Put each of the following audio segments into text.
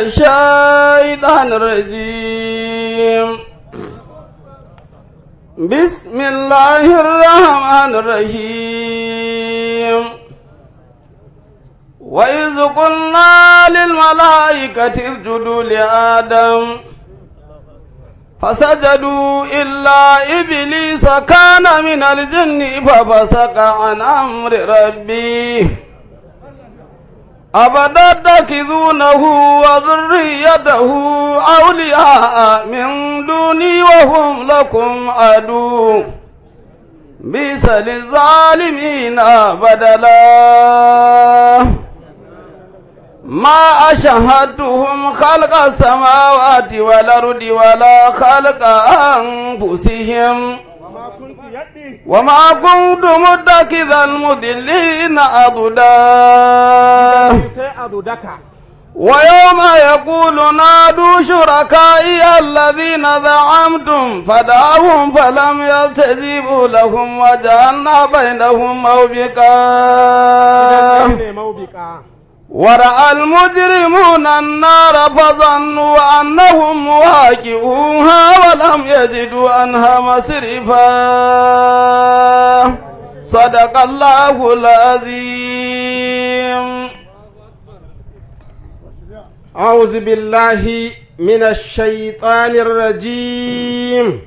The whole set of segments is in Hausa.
الشيطان الرجيم بسم الله الرحمن الرحيم وإذ قلنا للملائكة اسجدوا لآدم فسجدوا إلا إبليس كان من الجن ففسق عن أمر ربه أبدا تكذونه وذريته أولياء من دوني وهم لكم عدو بئس للظالمين بدلا ما أشهدتهم خلق السماوات والأرض ولا خلق أنفسهم وما كنت متكذا المذلين أضدا ويوم يقول نادوا شركائي الذين زعمتم فدعوهم فلم يستجيبوا لهم وجعلنا بينهم موبقا ورأى المجرمون النار فظنوا أنهم واجئوها ولم يجدوا أنها مصرفا صدق الله العظيم أعوذ بالله من الشيطان الرجيم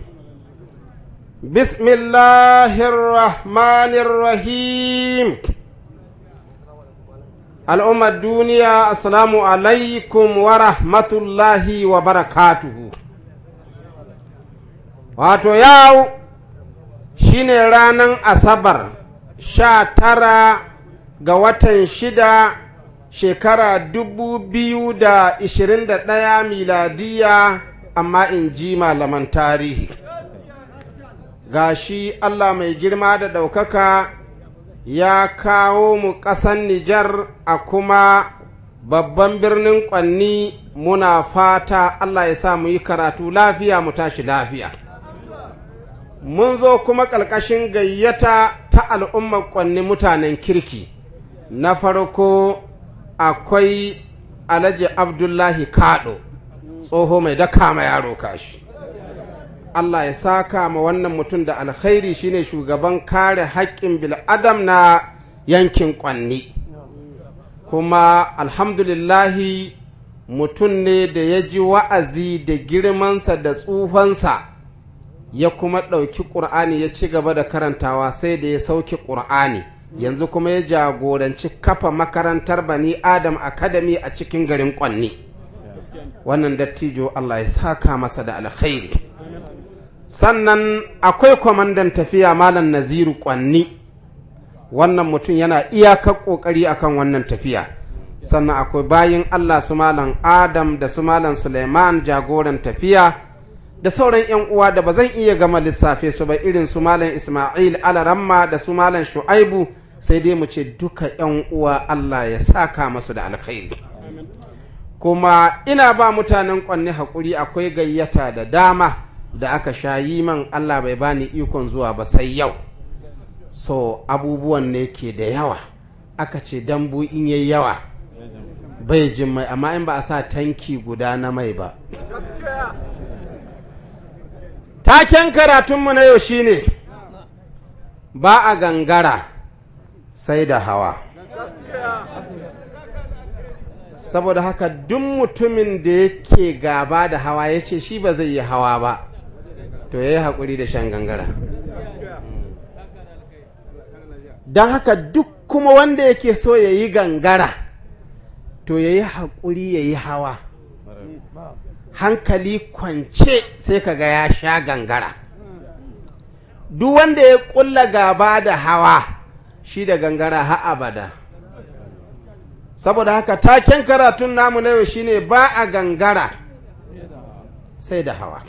بسم الله الرحمن الرحيم al'ummar duniya assalamu alaikum wa rahmatullahi wa barakatuhu wato yau shi ne ranar asabar sha tara ga watan shida shekara dubu biyu da ishirin da ɗaya miladiya amma in ji malaman tarihi ga shi Allah mai girma da ɗaukaka ya kawo mu ƙasan Nijar a kuma babban birnin ƙwanni muna fata Allah ya sa mu yi karatu lafiya mu tashi lafiya. Mun zo kuma ƙarƙashin gayyata ta al'ummar ƙwanni mutanen kirki, na farko akwai Alhaji Abdullahi Kaɗo, tsoho mai daka kama yaro kashi. Allah ya saka ma wannan mutum da alkhairi shine shugaban kare haƙƙin bil'adam na yankin ƙwanni kuma alhamdulillahi mutum ne da ya ji wa'azi da girmansa da tsufansa ya kuma ɗauki ƙur'ani ya ci gaba da karantawa sai da ya sauke ƙur'ani yanzu kuma ya jagoranci kafa makarantar bani adam academy a cikin garin ƙwanni wannan dattijo allah ya saka masa da alkhairi sannan akwai kwamandan tafiya malam naziru kwanni wannan mutum yana iyakar ƙoƙari akan wannan tafiya sannan akwai bayin allah su malam adam da su malam suleiman jagoran tafiya da sauran yan uwa da ba zan iya gama lissafe su ba irin su malam ismail alaramma da su malam shu'aibu sai dai mu ce duka yan uwa allah ya saka masu da alkhairi kuma ina ba mutanen kwanni haƙuri akwai gayyata da dama da aka sha yi man Allah bai bani ikon zuwa ba sai yau so abubuwan ne ke da yawa aka ce dambu in yayi yawa bai jin mai amma in ba a sa tanki guda na mai ba taken karatunmu na yau shine ba a gangara sai da hawa saboda haka duk mutumin da yake gaba da hawa ya ce shi ba zai yi hawa ba to ya yi haƙuri da shan gangara don haka duk kuma wanda yake so ya yi gangara to ya yi haƙuri ya yi hawa hankali kwance sai ka ga ya sha gangara duk wanda ya ƙulla gaba da hawa shi da gangara ha abada saboda haka taken karatun namu na yau shine ba a gangara sai da hawa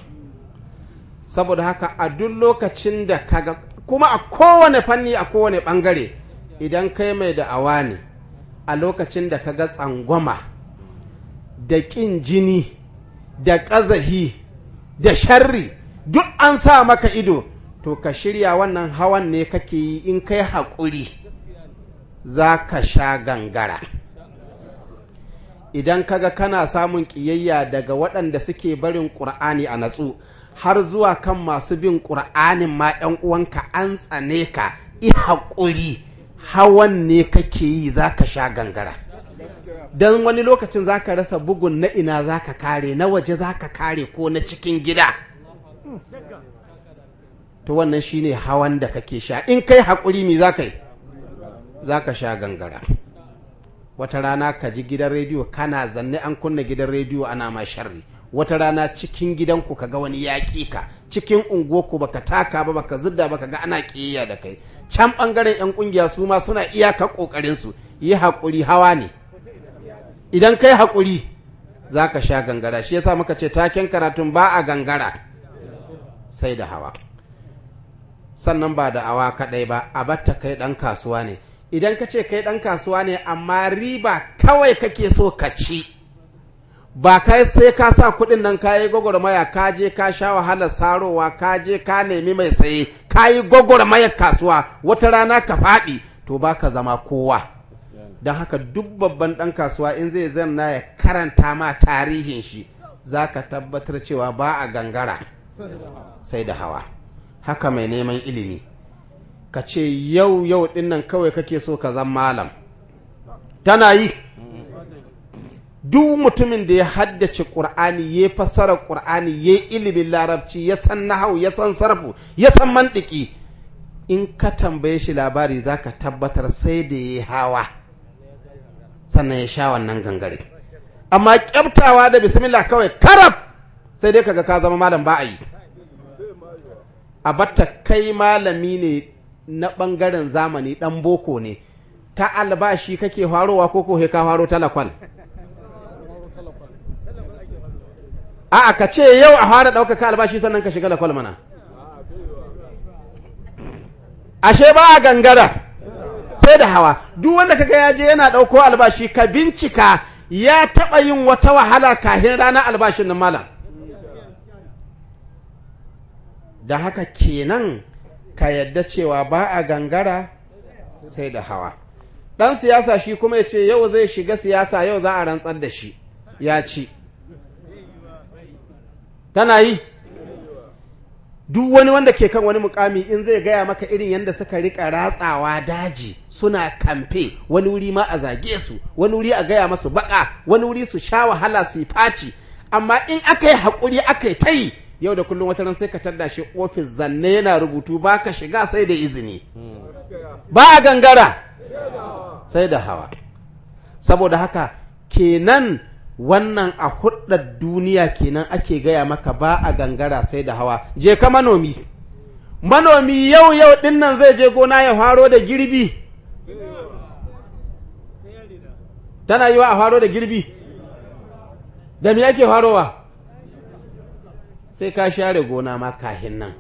saboda haka a duk lokacin da kaga kuma a kowane fanni a kowane ɓangare idan kai mai awa ne a lokacin da kaga tsangwama da ƙin jini da ƙazahi da sharri duk an sa maka ido to ka shirya wannan hawan ne kake yi in kai haƙuri za ka sha gangara idan kaga kana samun ƙiyayya daga waɗanda suke barin ƙur'ani a natsu har zuwa kan masu bin ƙur'anin ma ‘yan uwanka an tsane ka i haƙuri hawan ne kake yi za ka sha gangara don wani lokacin za ka rasa bugun na ina za ka kare na waje za ka kare ko na cikin gida to wannan shine hawan da kake sha in kai haƙuri me za ka yi za ka sha gangara wata rana ka ji gidan rediyo kana zanne an kunna gidan rediyo ana ma sharri wata rana cikin gidanku ka ga wani ya ka cikin unguwarku baka taka ba baka zidda ka ga ana ƙiyayya da kai can ɓangaren 'yan ƙungiya su ma suna iyaka ƙoƙarinsu yi haƙuri hawa ne idan kai haƙuri za ka sha gangara shi yasa muka ce taken karatun ba a gangara sai da hawa sannan ba da awa kaɗai ba a batta kai ɗan kasuwa ne idan ka ce kai ɗan kasuwa ne amma riba kawai kake so ka ci ba kai sai ka sa kuɗin nan ka yi gwagwarmaya ka je ka sha wahalar sarowa ka je ka nemi mai saye ka yi gwagwarmayar kasuwa wata rana ka faɗi to ba ka zama kowa don haka duk babban ɗan kasuwa in zai zanna ya karanta ma tarihin shi za ka tabbatar cewa ba a gangara sai da hawa haka mai neman ilimi ka ce yau yau ɗin nan kawai kake so ka zan malam tana yi duk mutumin da ya haddace ƙur'ani ya fassara ƙur'ani ya yi ilimin larabci ya san nahau ya san sarfu ya san mantiki in ka tambaye shi labari za ka tabbatar sai da ya yi hawa sannan ya sha wannan gangare amma kyabtawa da bismillah kawai karab sai dai kaga ka zama malam ba a yi a batta kai malami ne na ɓangaren zamani ɗan boko ne ta albashi kake farowa ko ko ka faro talakwal a'a ka ce yau a fara ɗaukaka albashi sannan ka shiga lakwal mana ashe ba a gangara sai da hawa duk wanda kaga ya je yana ɗauko albashi ka bincika ya taɓa yin wata wahala kahin rana albashin nan malam da haka kenan ka yadda cewa ba a gangara sai da hawa ɗan siyasa shi kuma ya ce yau zai shiga siyasa yau za a rantsar da shi ya ci tana yi duk wani wanda ke kan wani mukami in zai gaya maka irin yadda suka rika ratsawa daji suna kamfe wani wuri ma a zage su wani wuri a gaya masu baka wani wuri su sha wahala su yi faci amma in aka yi haƙuri aka yi ta yi yau da kullum wata ran sai ka tadda shi ofis zanne yana rubutu ba ka shiga sai da izini ba a gangara sai da hawa saboda haka kenan wannan a hudar duniya kenan ake gaya maka ba a gangara sai da hawa je ka manomi manomi yau yau dinnan zai je gona ya faro da girbi tana yi wa a faro da girbi da me yake farowa sai ka share gona ma kahin nan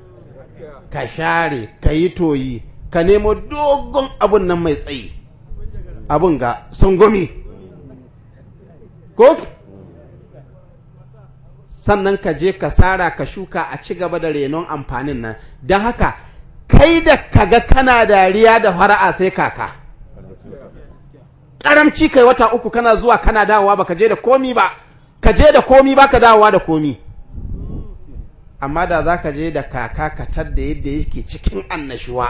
ka share ka yi toyi ka nemo dogon abun nan mai tsayi abun ga sungumi ko sannan ka je ka sara ka shuka a ci gaba da renon amfanin nan don haka kai da kaga kana dariya da fara'a sai kaka karamci kai wata uku kana zuwa kana dawowa ka je da komi ba ka je da komi ba ka dawowa da komi amma da za ka je da kaka ka tadda yadda yake cikin annashuwa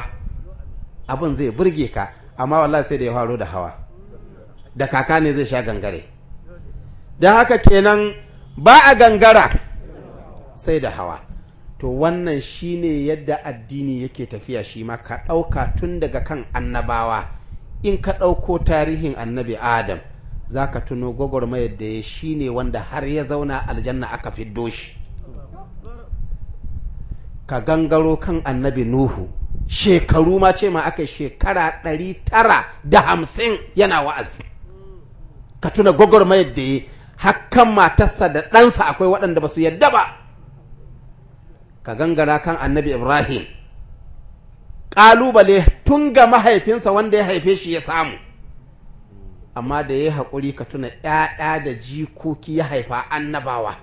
abin zai burge ka amma wallahi sai da ya faro da hawa da kaka ne zai sha gangare da haka kenan ba a gangara sai da hawa to wannan shine yadda addini yake tafiya shi ma ka ɗauka tun daga kan annabawa in ka ɗauko tarihin annabi adam za ka tuno gwagwarmayar da ya shi ne wanda har ya zauna aljanna aka fiddo shi ka gangaro kan annabi nuhu shekaru ma ce ma aka shekara ɗari tara da hamsin yana wa'azi ka tuna gwagwarmayar da ya hakkan matarsa da ɗansa akwai waɗanda ba su yadda ba ka gangara kan annabi ibrahim ƙalubale tun ga mahaifinsa wanda ya haife shi ya samu amma da ya yi haƙuri ka tuna ‘ya'ya da jikoki ya haifa annabawa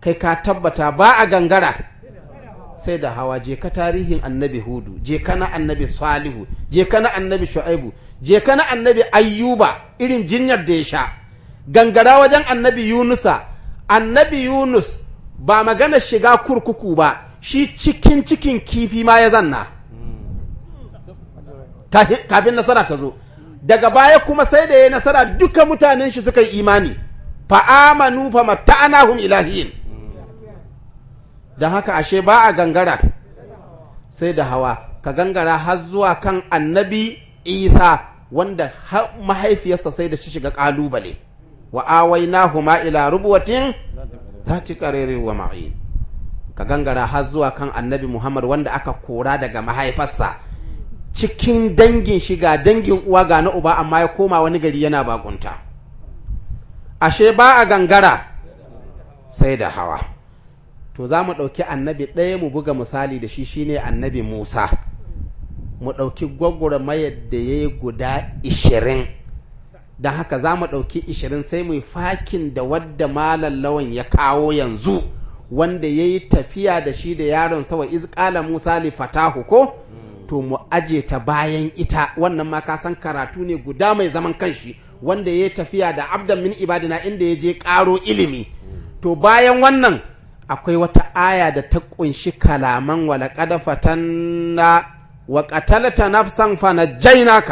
kai ka tabbata ba a gangara sai da hawa je ka tarihin annabi hudu je ka na annabi salihu je ka na annabi shu'aibu je ka na annabi ayyuba irin jinyar da ya sha gangara wajen annabi yunusa annabi yunus ba magana shiga kurkuku ba shi cikin cikin kifi ma ya zanna kafin nasara ta zo daga baya kuma sai da ya nasara duka mutanen shi suka yi imani fa'amanu fa mata'anahum ilahiyin don haka ashe ba a gangara sai da hawa ka gangara har zuwa kan annabi isa wanda mahaifiyarsa sai da shi shiga ƙalubale wa awainahuma ila rubuwatin zati qaririn wa ma'in ka gangara har zuwa kan annabi Muhammad wanda aka kora daga mahaifarsa cikin dangin shiga dangin uwa ga na uba amma ya koma wani gari yana bakunta ashe ba a gangara sai da hawa to za mu ɗauki annabi ɗaya mu buga misali da shi shine annabi Musa mu ɗauki gwagwarmayar da ya yi guda ishirin da haka za mu ɗauki ishirin sai mu fakin da wadda malam lawan ya kawo yanzu wanda ya yi tafiya da shi da yaron sawa izƙala musa li fatahu ko to mu aje ta bayan ita wannan ma ka karatu ne guda mai zaman kanshi wanda ya yi tafiya da abdan min ibadina inda ya je ƙaro ilimi to bayan wannan akwai wata aya da ta ƙunshi kalaman walaƙada fatanna وقتلت نفسا فنجيناك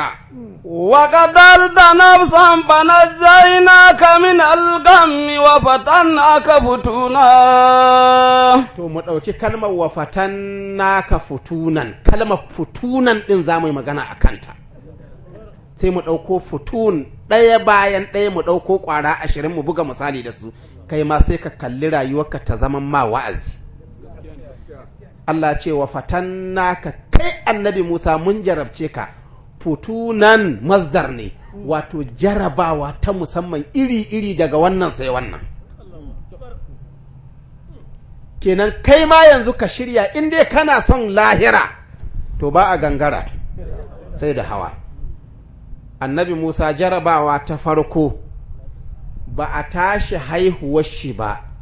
وقتلت نفسا فنجيناك من الغم وفتناك فتونا to mu ɗauki kalmar wa fatannaka futunan kalmar futunan ɗin za mu yi magana a kanta sai mu ɗauko futun ɗaya bayan ɗaya mu ɗauko ƙwara ashirin mu buga misali da su kai ma sai ka kalli rayuwarka ta zaman ma wa'azi Allah ce wa fatanna ka kai annabi Musa mun jarabce ka futunan masdar ne wato jarabawa ta musamman iri-iri daga wannan sai wannan kenan kai ma yanzu ka shirya in dai kana son lahira to ba a gangara sai da hawa annabi Musa jarabawa ta farko ba a tashi haihuwar shi ba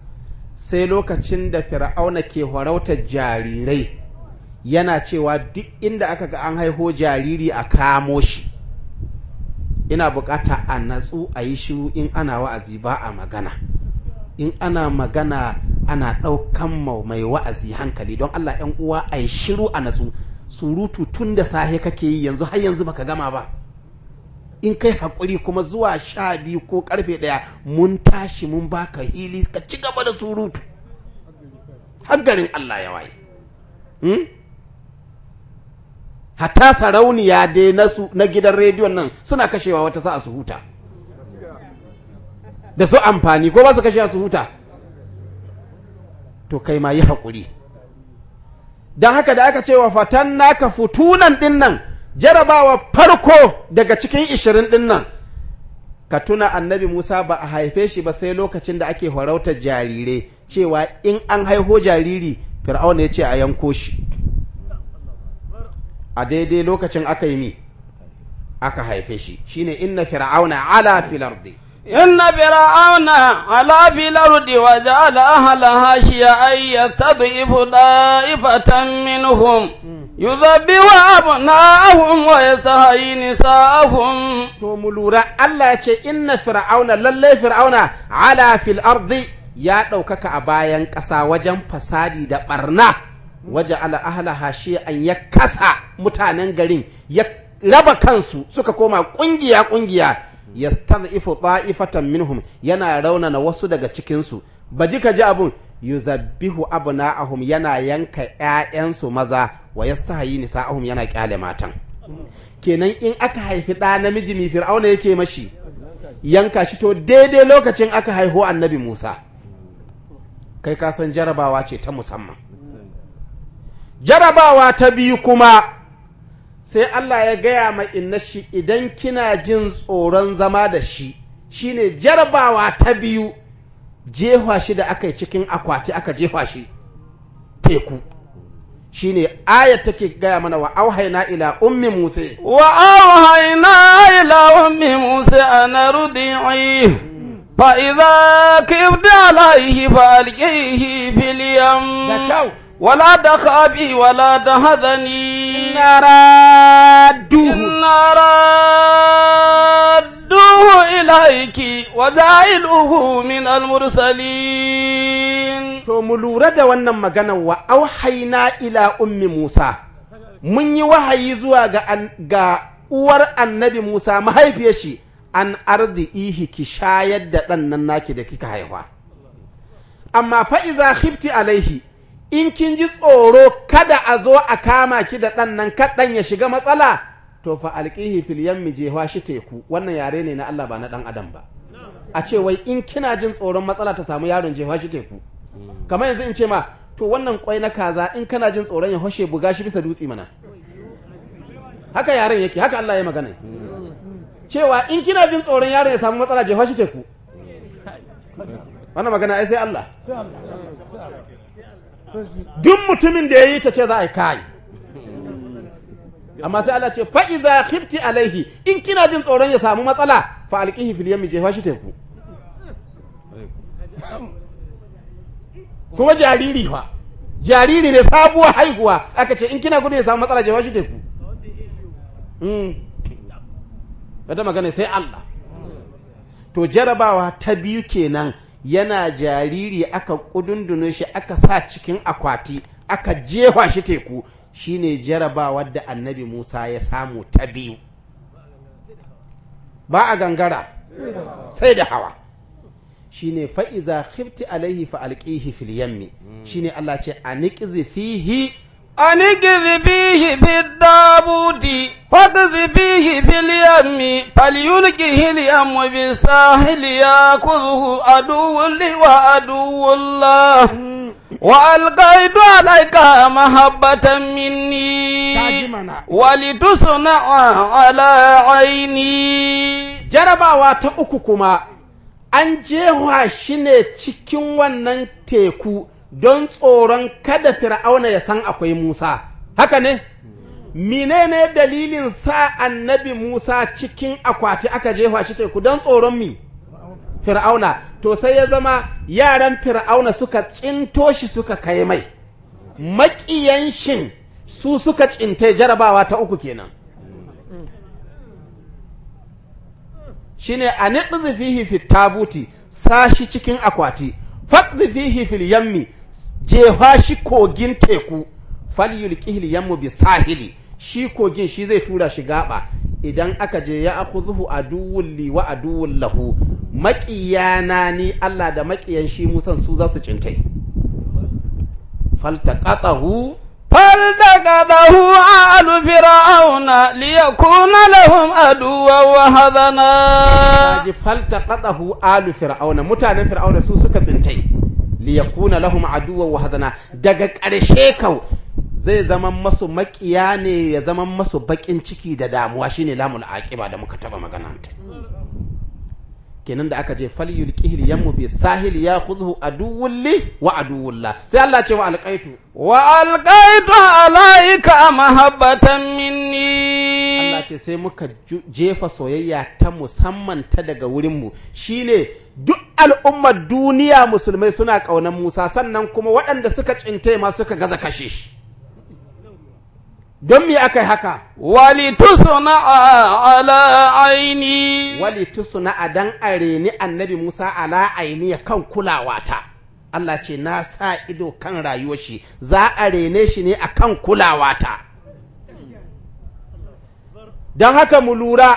sai lokacin da fir'auna ke horauta jarirai yana cewa duk inda aka ga an haiho jariri a kamo shi ina bukata a natsu a yi shiru in ana wa'azi ba a magana in ana magana ana ɗaukan mai wa'azi hankali don Allah ‘yan uwa a yi shiru a natsu surutu tun da sahe kake yi yanzu har yanzu baka gama ba. in kai hakuri kuma zuwa sha biyu ko karfe ɗaya mun tashi mun baka hili ka ci gaba da surutu haggarin Allah ya waye hmm? hatta sarauniya dai na gidan rediyon nan suna kashewa wata sa'a su huta da su amfani ko ba su kashewa su huta to kai ma yi hakuri. don haka da aka ce wa fatan naka futunan ɗin jarabawa farko daga cikin ishirin ɗin nan ka tuna annabi Musa ba a haife shi ba sai lokacin da ake farautar jarire cewa in an haiho jariri fir'aun ya ce a yanko shi a daidai lokacin aka yi mi aka haife shi shine inna fir'auna ala filar ardi inna fir'auna ala fil ardi wa ja'ala ahlaha shiya'an yastad'ifu da'ifatan minhum hmm. yuzabbihu abna'ahum wa yastahyi nisa'ahum to mu lura Allah ya ce inna fir'auna lalle fir'auna ala fil ardi ya ɗaukaka a bayan ƙasa wajen fasadi da ɓarna waje ala ahla hashi an ya kasa mutanen garin ya raba kansu suka koma ƙungiya ƙungiya yastad'ifu ta'ifatan minhum yana raunana wasu daga cikinsu baji ka ji abun yuzabbihu abna'ahum yana yanka ƴaƴansu maza wa yastahayi nisa'uhum yana kyale matan kenan in aka haifi ɗa namiji mi fir'auna yake mashi yanka shi to daidai lokacin aka haihu annabi Musa kai ka san jarabawa ce ta musamman jarabawa ta biyu kuma sai Allah ya gaya ma inna shi idan kina jin tsoron zama da shi shine jarabawa ta biyu jefa shi da aka yi cikin akwati aka jefa shi teku shine ayat take gaya mana wa na ila ummi musa wa na ila ummi musa an ardi'i fa idza kibda alayhi fa alqihi fil yam ولا تخافي ولا تهذني إنا رادوه إنا رادوه إليك وجعلوه من المرسلين to mu lura da wannan maganar wa auhaina ila ummi Musa mun yi wahayi zuwa ga uwar annabi Musa mahaifiyar shi an ardihi ki shayar da ɗan nan naki da kika haifa amma fa'iza hifti khifti alaihi in kin ji tsoro kada a zo a kama ki da ɗan nan kaɗan ya shiga matsala to fa alƙihi fil yammi jewa shi teku wannan yare ne na Allah ba na ɗan adam ba a ce wai in kina jin tsoron matsala ta samu yaron je shi teku kamar yanzu in ce ma to wannan kwai na kaza in kana jin tsoron ya hoshe buga shi bisa dutse mana haka yaren yake haka Allah ya magana cewa in kina jin tsoron yaron ya samu matsala je shi teku wannan magana ai sai Allah duk mutumin da ya yi ta ce za a yi kai amma sai Allah ce fa'iza khifti alaihi in kina jin tsoron ya samu matsala fa alqihi fil yammi jefa shi teku kuma jariri fa jariri ne sabuwar haihuwa aka ce in kina gudu ya samu matsala jefa shi teku kada hmm. magana sai Allah to jarabawa ta biyu kenan yana jariri aka ƙudundune shi aka sa cikin akwati aka jefa shi teku shine jarabawar da annabi Musa ya samu ta biyu ba a gangara sai da hawa shine fa'iza khifti alaihi fa fil yammi hmm. shine Allah ce niƙi fihi أن اكذبيه بالدابود التابوت فاكذبيه باليم فليلقه اليم بالساحل ياكله عدو لي وعدو الله وألقيت عليك محبة مني ولتصنع على عيني جربا ta uku kuma an jewa shi don tsoron kada fir'auna ya san akwai Musa, haka ne? Menene dalilin sa annabi Musa cikin akwati aka jefa shi teku don tsoron mi? Fir'auna, to sai ya zama yaran fir'auna suka tsinto shi suka kai mai, maƙiyan shin su suka cintai jarabawa ta uku kenan. Shi ne a niɗi fit tabuti, sashi cikin akwati, faɗi fihi fil yammi jefa shi kogin teku kihli yammu bi sahili shi kogin shi zai tura shi gaba idan aka je ya akhudhu aduwwul li wa aduwwul lahu maƙiyana ni Allah da maƙiyan shi musan su za su cintai faltaqatahu فالتقطه آل فرعون ليكون لهم عدوا وحزنا فالتقطه آل فرعون mutanen فرعون su suka tsintai Liyakuna lahum aduwwan wa hazana daga ƙarshe kau zai zama masu makiya ne ya zama masu bakin ciki da damuwa shine lamul aqiba da muka taba magana ta kenan da aka je falyul kihil yammu bi sahil ya khudhu a li wa aduwwul la sai Allah ce wa alqaitu wa alqaitu alaika mahabbatan minni Allah ce sai muka jefa soyayya ta musamman ta daga wurin mu shine duk al'ummar duniya musulmai suna kaunan Musa sannan kuma waɗanda suka cinte ma suka gaza kashe shi don me aka yi haka wali tusuna ala aini wali tusna adan areni annabi Musa ala aini ya kan kulawa ta Allah ce na sa ido kan rayuwar shi za a rene shi ne akan kulawa ta don haka mu lura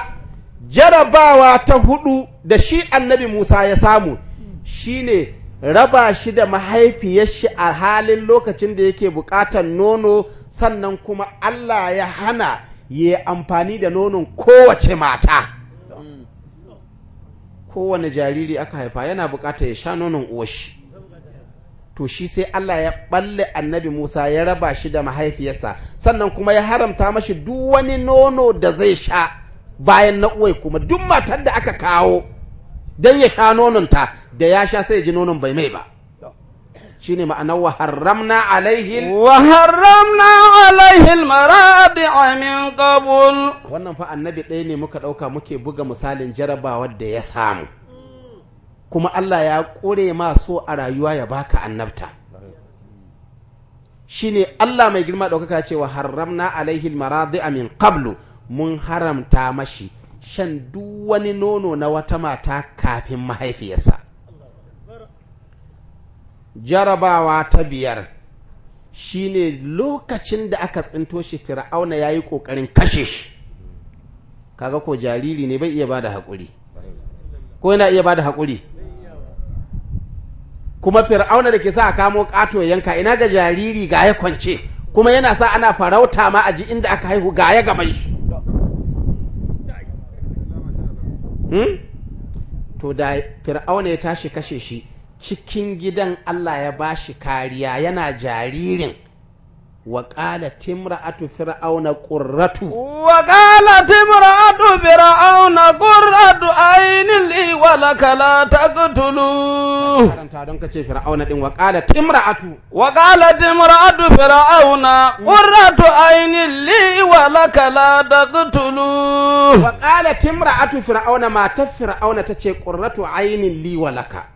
jarabawa ta hudu da shi annabi Musa ya samu shine raba shi da mahaifiyar shi a halin lokacin da yake buƙatar nono sannan kuma Allah ya hana ya amfani da nonon kowace mata kowane jariri aka haifa yana buƙatar ya sha nonon uwashi to shi sai Allah ya ɓalle annabi Musa ya raba shi da mahaifiyarsa sannan kuma ya haramta mashi duk wani nono da zai sha bayan na uwai kuma duk matar da aka kawo don ya sha nononta da ya sha sai ji nonon bai mai ba Shi ma'anar wa harramna alaihil wa alaihil maradi min wannan fa annabi ɗaya ne muka ɗauka muke buga misalin jarabawar da ya samu kuma Allah ya ƙure ma so a rayuwa ya baka annabta shine Allah mai girma ɗaukaka cewa harramna alaihi maradi min qablu mun haramta mashi shan duk wani nono na wata mata kafin mahaifiyarsa jarabawa ta biyar shi ne lokacin da aka tsinto shi fir'auna yi kokarin kashe shi kaga ko jariri ne bai iya bada hakuri ko yana iya bada hakuri kuma fir'auna da ke sa kamo kato yanka ina ga jariri ga ya kwance kuma yana sa ana farauta ma a ji inda aka haihu ga ya gaban shi hmm? to da fir'auna ya tashi kashe shi cikin gidan Allah ya ba shi kariya yana jaririn. Wakala timra tufira auna ƙurratu. Wakala timra tufira auna ƙurratu ainihin liwa lakala ta kutulu. Karanta don kace auna ɗin wakala timra atu. Wakala timra atu fir'auna ƙurratu ainihin liwa lakala ta kutulu. Wakala timra atu fir'auna mata fir'auna ta ce ƙurratu ainihin liwa lakala.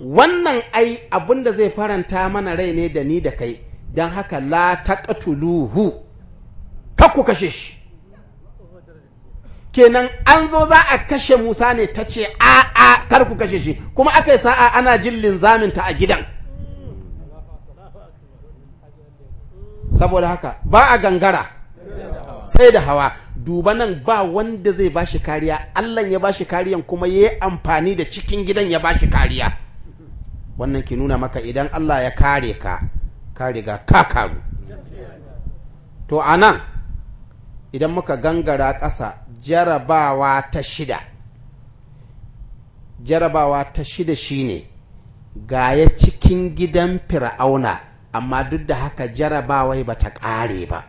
wannan ai abin da zai faranta mana rai ne da ni da kai don haka la taqtuluhu ku kashe shi kenan an zo za a kashe Musa ne ta ce a a kar ku kashe shi kuma aka yi sa'a ana jin linzaminta a gidan saboda haka ba a gangara sai da hawa duba nan ba wanda zai bashi kariya Allah ya bashi kariyan kuma ya yi amfani da cikin gidan ya bashi kariya wannan ke nuna maka idan Allah ya kare ka ka riga ka karu to anan idan muka gangara ƙasa jarabawa ta shida jarabawa ta shida shi ne ga ya cikin gidan fir'auna amma duk da haka jarabawai ba ta ƙare ba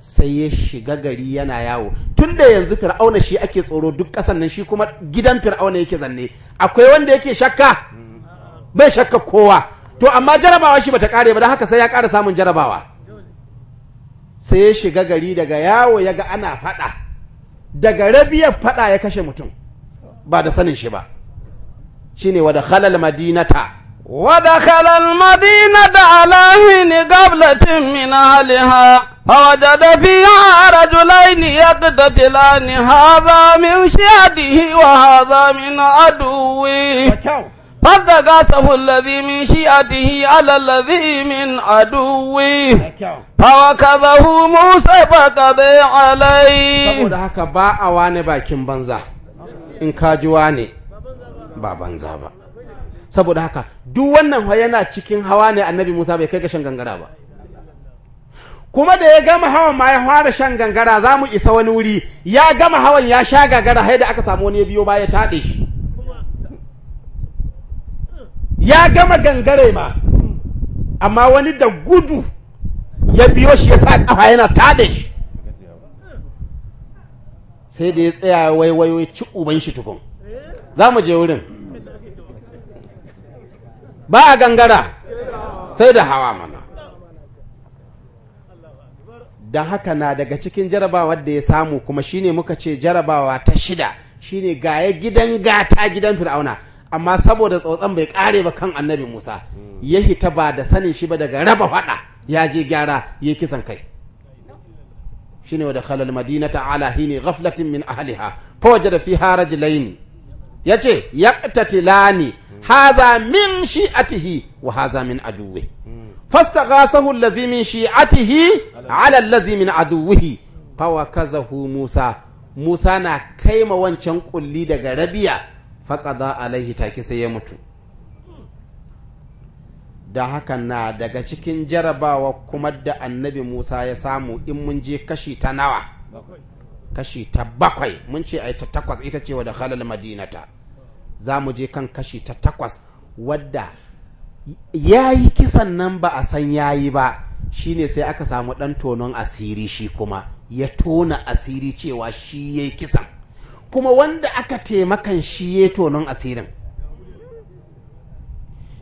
sai ya shiga gari yana yawo tun da yanzu fir'auna shi ake tsoro duk ƙasan nan shi kuma gidan fir'auna yake zanne akwai wanda yake shakka bai shakka kowa to amma jarabawa shi bata kare ba don haka sai ya kara samun jarabawa sai ya shiga gari daga yawo ya ga ana faɗa daga rabiyar faɗa ya kashe mutum ba da sanin shi ba shi ne wada halal madinata ودخل المدينة على حين قبلة فوجد فيها رجلين يقتتلان هذا من شهده وهذا من عدوه فاستغاثه الذي من شيعته على الذي من عدوه فوكذه موسى فقضى عليه saboda haka ba a wane bakin banza in ka ji ba banza ba saboda haka duk wannan yana cikin hawa ne annabi Musa bai kai ga shan gangara ba kuma da ya gama hawan ma ya fara shan gangara za mu isa wani wuri ya gama hawan ya sha gagara haida aka samu wani ya biyo ba ya taɗe shi ya gama gangare ma amma wani da gudu ya biyo shi ya sa kafa yana tada shi sai da ya tsaya waiwayo ya ci uban shi tukun za mu je wurin ba a gangara sai da hawa mana don haka na daga cikin jarabawa da ya samu kuma shine muka ce jarabawa ta shida shine gaya gidan gata gidan fir'auna amma saboda tsotsan bai kare ba kan annabi Musa ya hita ba da sanin shi ba daga raba fada ya je gyara ya kisan kai shine wa dakhala almadinata ala hini ghaflatin min ahliha Ya ce fiha rajulain yace yaqtatilani hadha min shi'atihi wa hadha min aduwwi fastaghasahu allazi min shi'atihi ala allazi min aduwwihi fa Musa Musa na kai ma wancan kulli daga Rabiya faƙaza alaihi take sai ya mutu da hakan na daga cikin jarabawa kuma da annabi Musa ya samu in mun je kashi ta nawa kashi ta bakwai mun ce ai ta takwas ita ce wadda halal madinata za mu je kan kashi ta takwas wadda ya yi kisan nan ba a san ya yi ba shi ne sai aka samu ɗan tonon asiri shi kuma ya tona asiri cewa shi ya yi kisan kuma wanda aka taimakan shi ya tonon asirin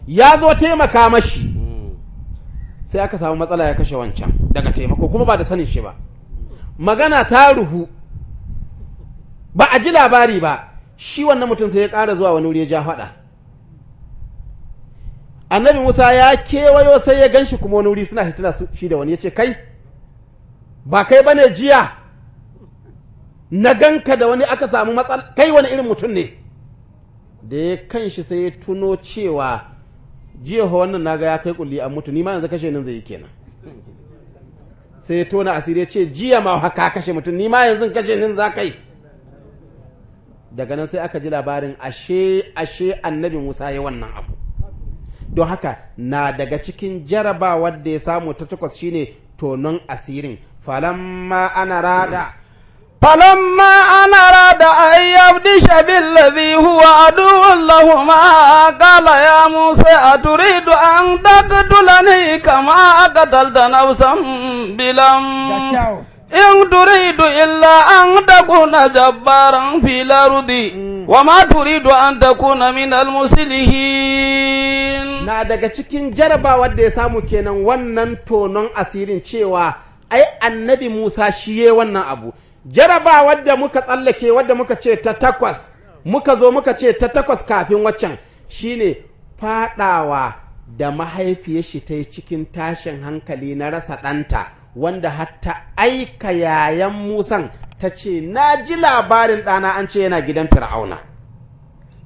ya zo taimaka mashi sai aka samu matsala ya kashe wancan daga taimako kuma ba da sanin shi ba magana ta ruhu ba a ji labari ba shi wannan mutum sai ya kara zuwa wani wuri ya ja faɗa annabi musa ya kewayo sai ya gan shi kuma wani wuri suna hitina shi da wani ya ce kai ba kai ba ne jiya na ganka da wani aka samu matsala kai wani irin mutum ne da ya kan shi sai ya tuno cewa jiya wannan naga ya kai kulli a mutu ni ma yanzu kashe nan zai yi kenan sai ya tona asiri ya ce jiya ma haka kashe mutum ni ma yanzu kashe nan za kai daga nan sai aka ji labarin ashe ashe annabi Musa ya wannan abu don haka na daga cikin jarabawar da ya samu ta takwas shine tonon asirin falamma ana rada فلما أن أراد أن يبدش بالذي هو عدو لهما قال يا موسى أتريد أن تقتلني كما قتلت نفسا بلمس إن تريد إلا أن تكون جبارا في الأرض وما تريد أن تكون من المسلمين na daga cikin jarabawar da ya samu kenan wannan tonon asirin cewa ai annabi Musa shi wannan abu jaraba wadda muka tsallake wadda muka ce ta takwas muka zo muka ce ta takwas kafin waccan shine fadawa da mahaifiyar shi ta yi cikin tashin hankali na rasa ɗanta wanda hatta aika yayan musan ta ce na ji labarin ɗana an ce yana gidan fir'auna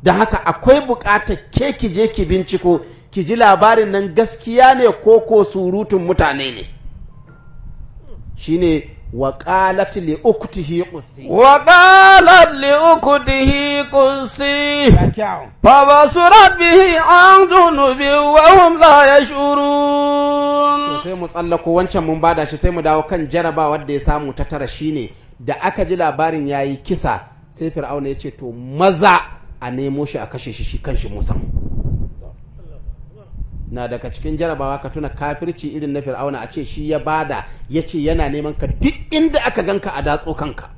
da haka akwai buƙatar ke ki je ki binciko ki ji labarin nan gaskiya ne ko ko surutun mutane ne shine وقالت لأكته قصي وقالت لأكته قصي فبصرت به عن ذنوب وهم لا يشعرون sai mu tsallako wancan mun bada shi sai mu dawo kan jaraba wanda ya samu ta tara shine da aka ji labarin yayi kisa sai fir'auna ya ce to maza a nemo shi a kashe shi shi kanshi musan na daga cikin jarabawa ka tuna kafirci irin na fir'auna a ce shi ya bada ya ce yana neman ka duk inda aka ganka a datso kanka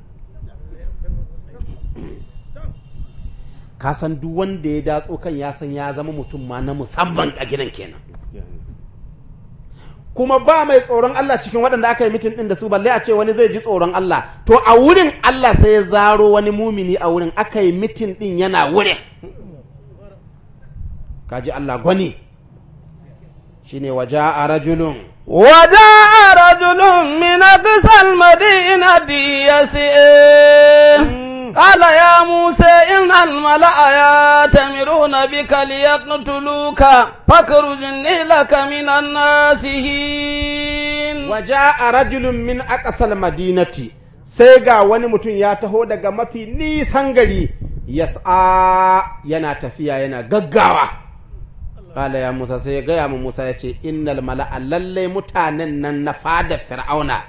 ka san duk wanda ya datso kan ya san ya zama mutum ma na musamman a gidan kenan kuma ba mai tsoron Allah cikin waɗanda aka yi mitin ɗin da su balle a ce wani zai ji tsoron Allah to a wurin Allah sai ya zaro wani mumini a wurin aka yi mitin ɗin yana wurin kaji Allah gwani shine waja a rajulun waja a rajulun madina diya siye ƙala mm. ya musa in almala a ya tamiru na bi kaliyar tuluka fakaru jinilaka minan nasihin waja a rajulun min akasal madinati sai ga wani mutum ya taho daga mafi nisan gari yasa yana tafiya yana gaggawa kala ya musa sai ya gaya mu musa ya ce innal mala'a lallai mutanen nan na fada fir'auna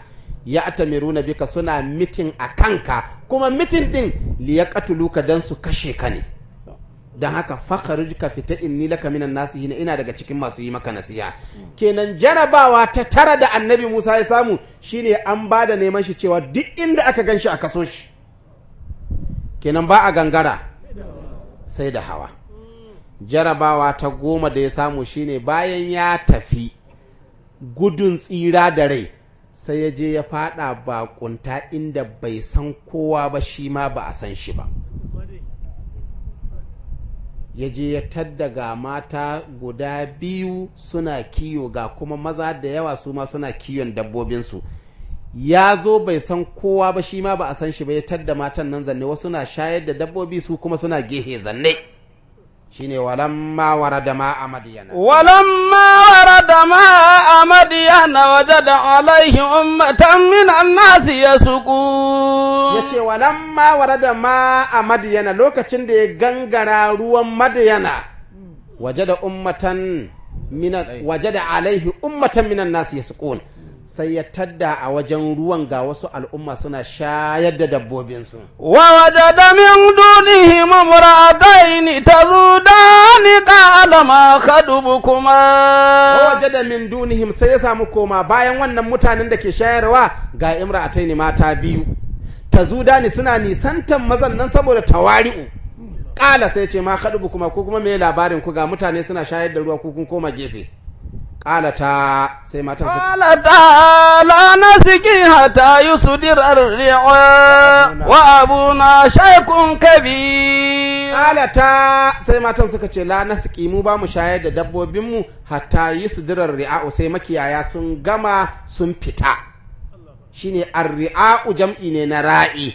ya atamiruna bika suna mitin a kanka kuma mitin din li dan su kashe ka ne dan haka fakharuj ka fita inni laka minan nasihin ina daga cikin masu yi maka nasiha kenan jarabawa ta tara da annabi Musa ya samu shine an ba da neman shi cewa duk inda aka gan shi a kaso shi kenan ba a gangara sai da hawa jarabawa ta goma da ya samu shine bayan ya tafi gudun tsira da rai sai ya je ya fada bakunta inda bai san kowa ba shi ma ba a san shi ba ya je ya taddaga mata guda biyu suna kiyo ga kuma maza da yawa su ma suna kiyon dabbobinsu ya zo bai san kowa ba shi ma ba a san shi ba ya tadda matan nan zanne wasu na shayar da dabbobi su kuma suna gehe zanne shine walamma warada ma a madiyana walamma warada ma a madiyana wajada alaihi ummatan min annasi yasuqu yace walamma warada ma a madiyana lokacin da ya gangara ruwan madiyana wajada ummatan min wajada alaihi ummatan min annasi yasuqun sai ya tadda a wajen ruwan ga wasu al'umma suna shayar da dabbobinsu. Wa wajada min ni ta zudani qala ma kuma. Wa wajada min dunihim sai ya samu koma bayan wannan mutanen da ke shayarwa ga a taini mata biyu. Ta Tazudani suna nisantan mazan nan saboda tawari'u. Ƙala sai ce ma kuma, ko kuma me labarin ku ga mutane suna shayar da ruwa ko kun koma gefe. alata sai matan su alata la nasiki hata yusdir dirar ria wa na shaikun kabi. alata sai matan suka ce la siki mu ba mu shayar da dabbobinmu hata hatta yusdir ri'a'u sai makiyaya sun gama sun fita shine ar jam'i ne na ra'i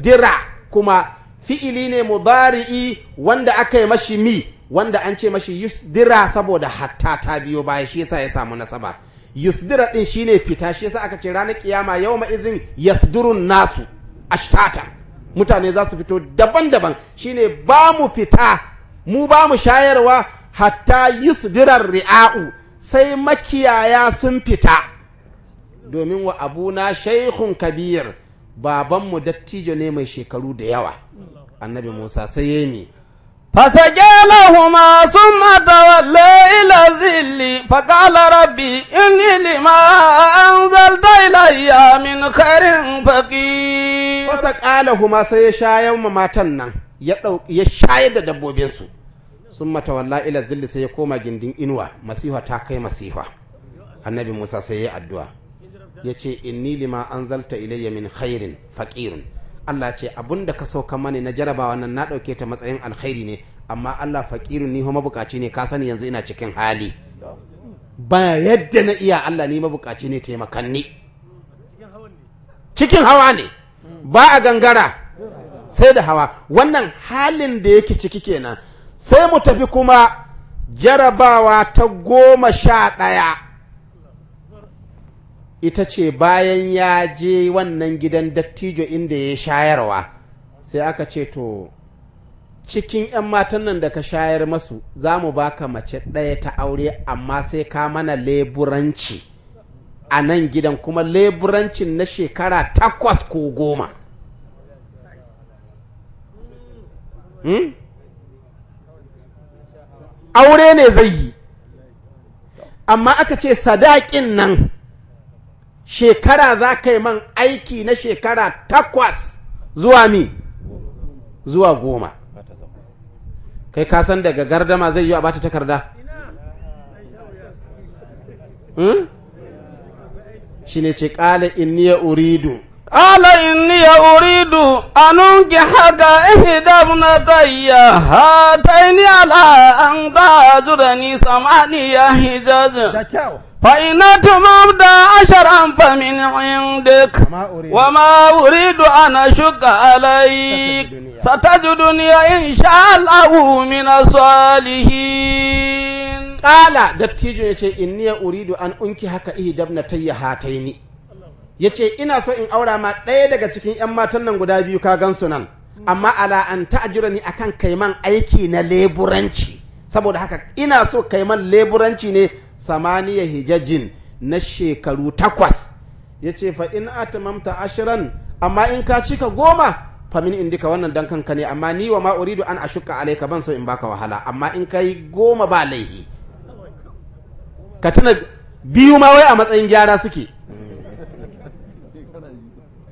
dira kuma fi'ili ne mudari'i wanda aka yi mashi mi wanda an ce mashi yusdira saboda hatta ta biyo baya shi yasa ya samu nasaba yusdira din shine fita shi yasa aka ce ranar kiyama yawma izin yasdurun nasu ashtata mutane za su fito daban-daban shine ba mu fita mu ba mu shayarwa hatta yusdirar ri'a'u sai makiyaya sun fita domin wa abuna shaykhun kabir babanmu dattijo ne mai shekaru da yawa annabi musa sai ya فسجى لهما ثم تولى إلى الذل فقال ربي إني لما أنزلت إلي من خير فقير فسقى لهما سيشا يوم ما تنن يشاهد دبوبينسو ثم تولى إلى الذل سيقوم جندين إنوى مسيحة تاكي مسيحة النبي موسى سيئ الدعاء yace إني لما أنزلت إلي من خير فقير Allah ce abun da ka sauka mani na jarabawa wannan na ɗauke ta matsayin alkhairi ne amma Allah fakirin ni mabukaci ne ka sani yanzu ina cikin hali ba yadda na iya Allah ni mabukaci ne ni cikin hawa ne ba a gangara sai da hawa wannan halin da yake ciki kenan sai mu tafi kuma jarabawa ta goma sha ɗaya ita ce bayan ya je wannan gidan dattijo inda ya shayarwa sai aka ce to cikin 'yan matan nan da ka shayar masu za mu baka mace ɗaya ta aure amma sai ka mana leburanci a nan gidan kuma leburancin na shekara takwas ko goma hmm? aure ne zai yi amma aka ce sadakin nan shekara za ka yi man aiki na shekara takwas zuwa mi zuwa goma kai ka daga gardama zai yi a bata takarda hmm? shi ne ce ƙala inni ya uridu uridu haka قال إني أريد أن أنكحك إحدى ابنتي هاتين على ni تهجرني ya حجاج فإن تممت عشرا فمن عندك وما أريد أن أشك عليك ستجدني إن شاء الله من الصالحين قال an unki haka ihi, أن أنكي هكا إيه دبنا تي هاتيني yace ina so in aura ma ɗaya daga cikin ‘yan matan nan guda biyu ka gansu nan amma ala an jira ni akan kaiman aiki na leburanci saboda haka ina so kaiman leburanci ne samaniya hijajin na shekaru takwas ya ce fa in atamamta ashiran amma in ka cika goma famin indika wannan dan kanka ne amma ni wa ma uridu an ashuka alaika ban so in baka wahala amma in kai goma ba laihi ka tuna biyu ma wai a matsayin gyara suke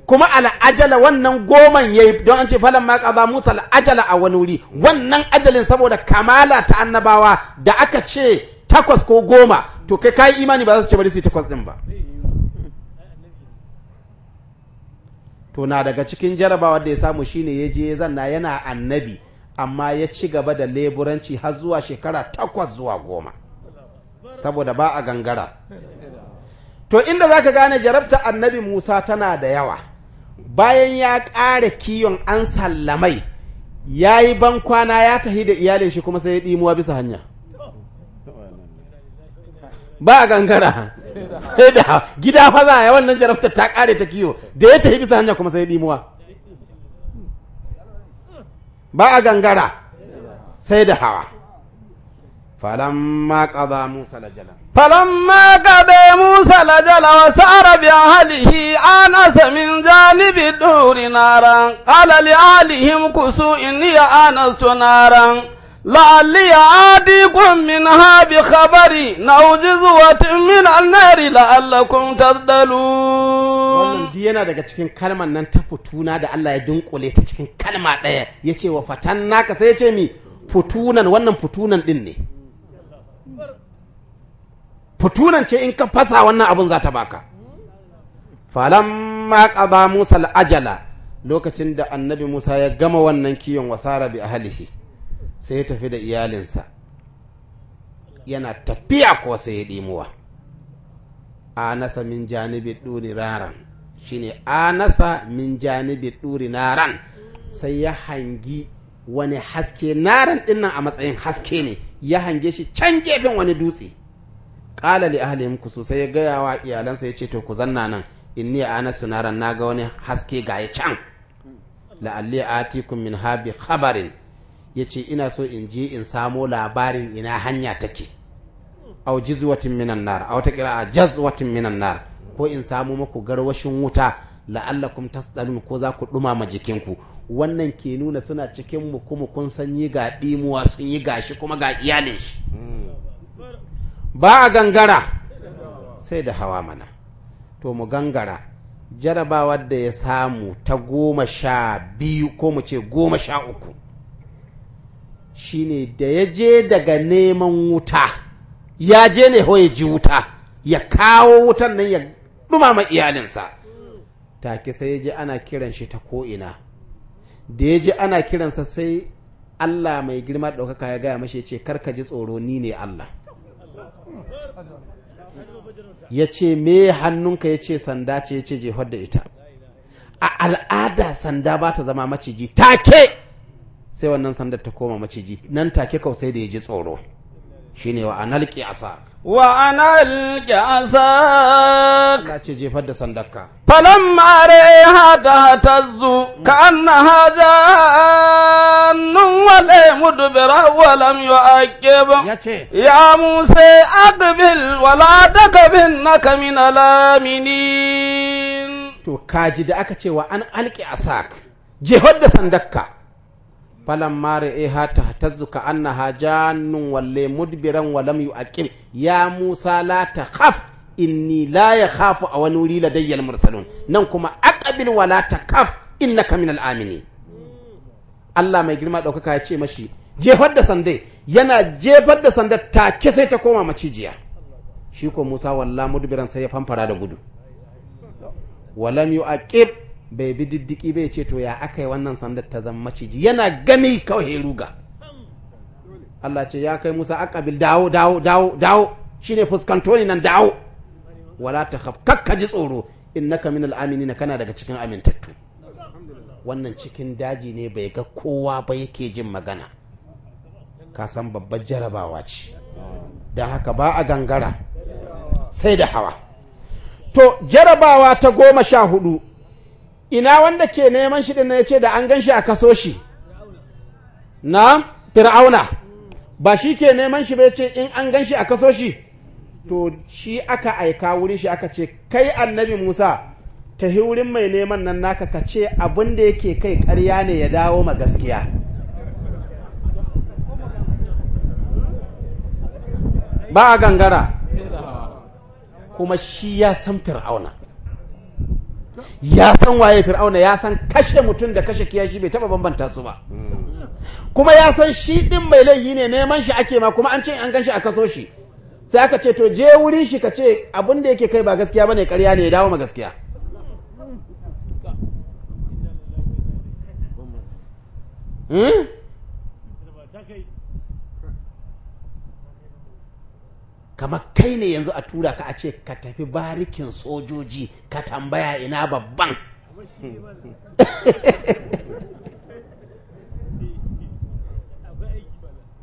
kuma al'ajala wannan goman yi don an ce falon ma ba Musa al'ajala a wani wuri wannan ajalin saboda kamala ta annabawa da aka ce takwas ko goma to kai kayi imani ba za su ce bari su yi takwas ɗin ba to na daga cikin jarabawa da ya samu ne ya je zanna yana annabi amma ya ci gaba da leburanci har zuwa shekara takwas zuwa goma saboda ba a gangara to inda za ka gane jarabta annabi musa tana da yawa bayan ya ƙara kiyon an sallamai ya yi bankwana ya tahi da iyalin shi kuma sai ya ɗimuwa bisa hanya ba a gangara sai da gida fa za a wannan jarabtar ta kare ta kiyo da ya tafi bisa hanya kuma sai dimuwa ba a gangara sai da hawa falamma qada musa lajala falamma qada musa lajala wa sa'ara bi ahlihi anasa min janibi duri naran qala li ahlihim kusu inni anastu naran لعلي آتيكم منها بخبر أو جزوة من النار لعلكم تذدلون wannan yana daga cikin kalmar nan ta fituna da Allah ya dunkule ta cikin kalma ɗaya ya ce wa fatan naka sai ya ce mi fitunan wannan fitunan ɗin ne fitunan ce in ka fasa wannan abun za ta baka falamma qada musa al-ajala lokacin da annabi musa ya gama wannan kiyon wasara bi ahlihi sai ya tafi da iyalinsa yana tafiya ko sai ya ɗimuwa anasa min janibi ɗuri raran shine anasa min janibi ɗuri naran sai ya hangi wani haske naran ɗinnan a matsayin haske ne ya hange shi can gefen wani dutse ƙala li ahlihim kusu sai ya gaya wa iyalansa ya ce to ku zanna nan in a anasu naran na ga wani haske ga ya can la'alli atikum min habi khabarin ya ce ina so in je in samo labarin ina hanya take au a minan nar au ta kira watin minan nar ko in samo maku garwashin wuta la'allakum tasdalun ko za ku dumama jikinku wannan ke nuna suna cikin mu kuma kun sanyi ga dimuwa sun yi gashi kuma ga iyalin shi ba a gangara sai da hawa mana to mu gangara jarabawar da ya samu ta goma sha biyu ko mu ce goma sha uku shine da ya je daga neman wuta ya je ne ho ya ji wuta ya kawo wutan nan ya dumama iyalinsa take sai ya ji ana kiran shi ta ko'ina da ya ji ana kiransa sai Allah mai girma ɗaukaka ya gaya mashi ya ce karka ji tsoro ni ne Allah ya ce me hannunka ya ce sanda ce ya ce jefar da ita a al'ada sanda ba ta zama maciji take sai wannan sandar ta koma maciji nan take sai da ya ji tsoro shine wa anal qiyasa wa anal qiyasa ka ce jefar da sandarka falamma reha ta tazzu ka annaha jannun wa la mudbira wa lam yu'aqib ya musa aqbil wa la takbinnaka min alaminin to kaji da aka ce wa an alqi asak jefar da sandarka E ha ta tazu ka annaha jannun walle mudbiran walam yu aqil ya Musa la khaf inni la yakhafu a wani wuri ladayyal mursalun nan kuma aqbil wala ta khaf innaka minal amini Allah mai girma daukaka ya ce mashi jefar da sandai yana jefar da sanda take sai ta koma macijiya shi ko Musa walla mudbiran sai ya famfara da gudu walam aqil bai bi diddiki bai ce to ya aka yi wannan sandar ta zama maciji yana gani kawai ya ruga Allah ce ya kai Musa akabil dawo dawo dawo dawo shine fuskanto ne nan dawo wala ta khaf kakka ji tsoro innaka min al-aminina kana daga cikin amintattu wannan cikin daji ne bai ga kowa ba yake jin magana ka san babbar jarabawa ce dan haka ba a gangara sai da hawa to jarabawa ta goma sha hudu ina wanda ke neman shi din ya ce da an gan shi a kaso shi na fir'auna ba shi ke neman shi ba ya ce in an gan shi a kaso shi to shi aka aika wurin shi aka ce kai annabi musa ta wurin mai neman nan naka ka ce abin da yake kai karya ne ya dawo ma gaskiya ba a gangara kuma shi ya san fir'auna ya san waye fir'auna ya san kashe mutum da kashe kiyashi bai taba bambanta su ba kuma ya san shi din mai laifi ne neman shi ake ma kuma an ce an gan shi a kaso shi sai aka ce to je wurin shi ka ce abin da yake kai ba gaskiya bane karya ne ya dawo ma gaskiya hmm? kamar kai ne yanzu a tura ka a ce ka tafi barikin sojoji ka tambaya ina babban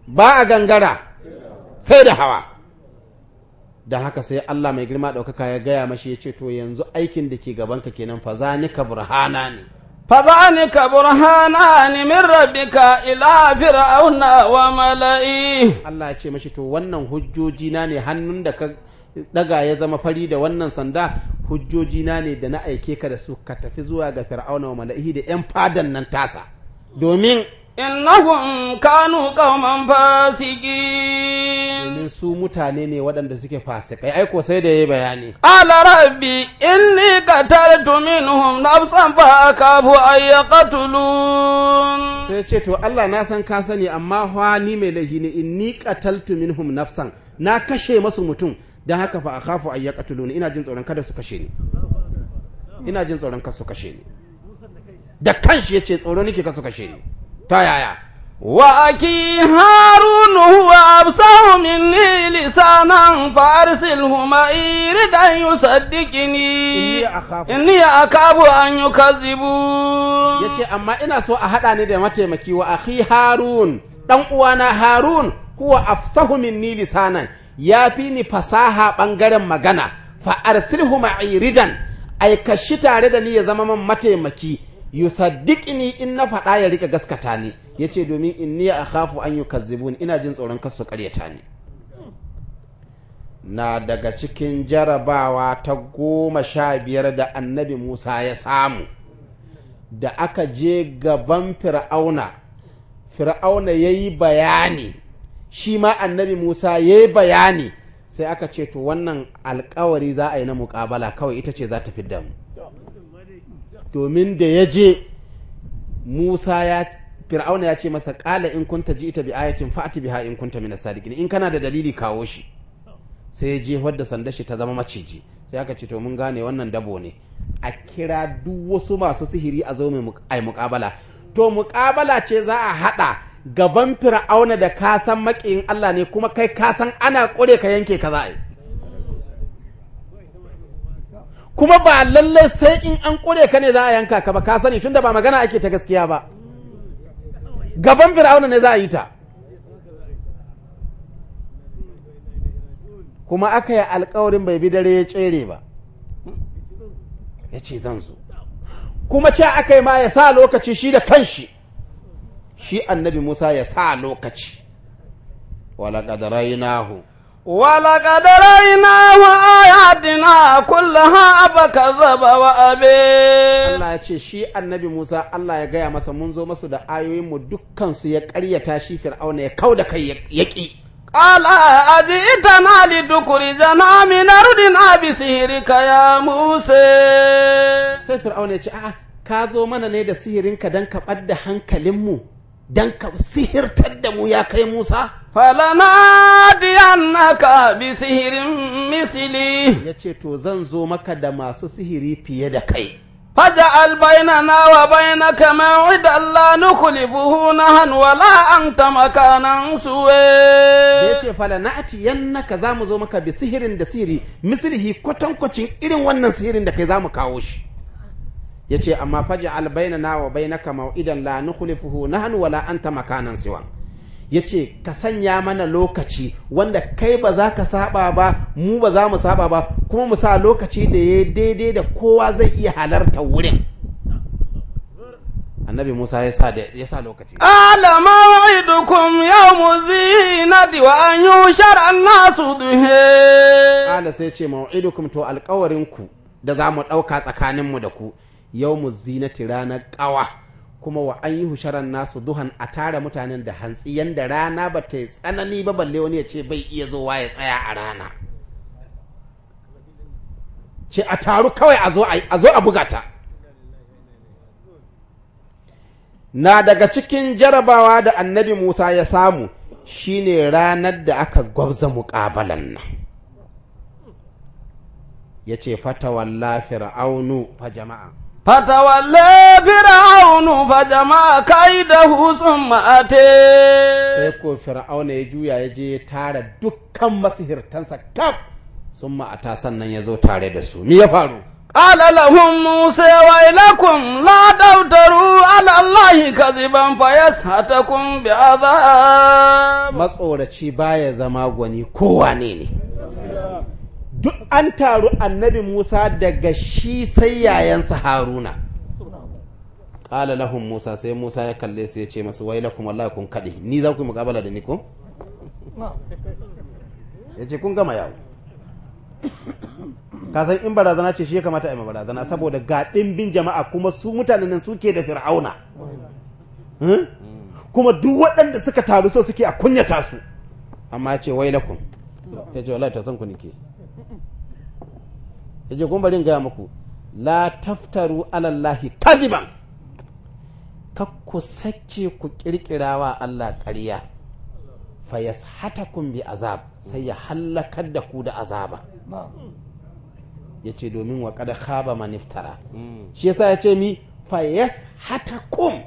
ba a gangara sai da hawa da haka sai Allah mai girma ɗaukaka ya gaya mashi ya ce to yanzu aikin da ke gabanka kenan fa za ni ka burhana ne فذلك برهانان من ربك إلى فرعون وملئه الله يce mashi to wannan hujjoji na ne hannun da ka daga ya zama fari da wannan sanda hujjoji na ne da na aike ka da su ka tafi zuwa ga fir'auna wa mala'ihi da yan fadan nan tasa domin innahum kanu qauman fasiqin su mutane ne waɗanda suke fasikai ai ko sai da yayi bayani ala rabbi inni qataltu minhum nafsan fa akabu ay yaqtulun sai ce to Allah na san ka sani amma fa ni mai laifi ne inni qataltu minhum nafsan na kashe masu mutum dan haka fa akhafu ay yaqtulun ina jin tsoron kada su kashe ni ina jin tsoron kada su kashe ni da kanshi yace tsoro nake kada su kashe ni ta yaya wa aki harun huwa absahu minni lisanan farsilhu ma iridan yusaddiqini inni akabu an yukazzibu yace amma ina so a hada ni da mataimaki wa akhi harun dan uwana harun huwa afsahu minni lisanan ya fi ni fasaha ɓangaren magana fa arsilhu ma'iridan aikashi tare da ni ya zama man mataimaki yusaddiqni in na faɗa ya rika gaskata ne yace domin inni akhafu an yukazzibun ina jin tsoron kasu karyata ne. na daga cikin jarabawa ta goma sha biyar da annabi Musa ya samu da aka je gaban fir'auna fir'auna ya yi bayani shi ma annabi Musa ya yi bayani sai aka ce to wannan alkawari za a yi na muƙabala kawai ita ce za ta fidda mu domin da ya je Musa ya Fir'auna ya ce masa ƙala in kunta ji ita bi ayatin fa'ati biha in kunta min sadiqin in kana da dalili kawo shi sai je wadda sanda shi ta zama maciji sai aka ce to mun gane wannan dabo ne a kira duk wasu masu sihiri a zo mai muqabala to muƙabala ce za a haɗa gaban fir'auna da kasan maƙiyin Allah ne kuma kai kasan ana ƙure ka yanke ka za a kuma ba lalle sai in an ƙure ka ne za a yanka ka ba ka sani tunda ba magana ake ta gaskiya ba gaban fir'auna ne za a yi ta kuma aka yi alkawarin bai bi dare ya tsere ba ya ce zan zo kuma ce aka yi ma ya sa lokaci shi da kanshi shi annabi musa ya sa lokaci wala rainahu ولقد رأيناه آياتنا كلها فكذب وأبي Allah ya ce shi annabi Musa Allah ya gaya masa mun zo masu da ayoyinmu dukkansu ya karyata shi Fir'auna ya kauda kai ya ƙi. Ƙala aji'tana li tukhrijana min ardina bi sihrika ya Musa Sai Fir'auna ya ce a'a ka zo mana ne da sihirinka dan ka da hankalinmu dan ka sihirtar da mu ya kai Musa? Falanadiyannaka bi sihirin misili. Ya ce, To, zan zo maka da masu sihiri fiye da kai. فاجعل بيننا وبينك موعدا لا نخلفه نحن ولا أنت مكانا سوى yace fala na'ati yannaka zamu zo maka bi sihirin da sihiri mislihi kwatankwacin irin wannan sihirin da kai zamu kawo shi yace amma faj'al bainana wa bainaka maw'idan la nukhlifuhu nahnu wala anta makanan siwan yace ka sanya mana lokaci wanda kai ba za ka saba ba mu ba za mu saba ba kuma mu sa lokaci da ya daidai da kowa zai iya halarta wurin annabi Musa ya sa da ya sa lokaci ala maw'idukum yawmu zinati wa an yushar annasu duhe ala sai ce maw'idukum to alƙawarin ku da za mu ɗauka tsakaninmu da ku yawmu zinati ranar ƙawa kuma wa an yi husharar nasu duhan a tara mutanen da hantsi yanda rana ba ta yi tsanani ba balle wani ya ce bai iya zowa ya tsaya a rana ce a taru kawai a zo a bugata na daga cikin jarabawa da annabi musa ya samu shine ranar da aka gwabza muƙabalan nan ya ce fata walla fir'aunu fa jama'a فتولى فرعون فجمع كيده ثم أتي سيكو فرعون يجو يا يجي تارى دكان مسهر تنسى كاب ثم أتى سنن يزو تارى دسو مي يفعلوا قال لهم موسى ويلكم لا تفتروا على الله كذبا فيسحتكم بعذاب مسؤولة شي باية زما غني كوانيني duk an taru annabi Musa daga shi sai yayansa Haruna Ƙala lahun Musa sai Musa ya kalle su ya ce masu wailakum wallahi kun kaɗe, ni za ku muqabala da ni ko ya ce kun gama yawo kasan in barazana ce shi ya kamata a yi barazana saboda ga ɗimbin jama'a kuma su mutanen nan suke da fir'auna hmm? kuma duk waɗanda suka taru so suke a kunyata su amma ya ce wailakum ya ce wallahi ta san ku nike yace kun bari in gaya muku la taftaru alallahi kaziban ku sake ku wa Allah ƙarya fa yashatakum bi azab sai ya hallakar da ku da azaba yace domin wa kada khaba maniftara shi yasa yace mi fa yashatakum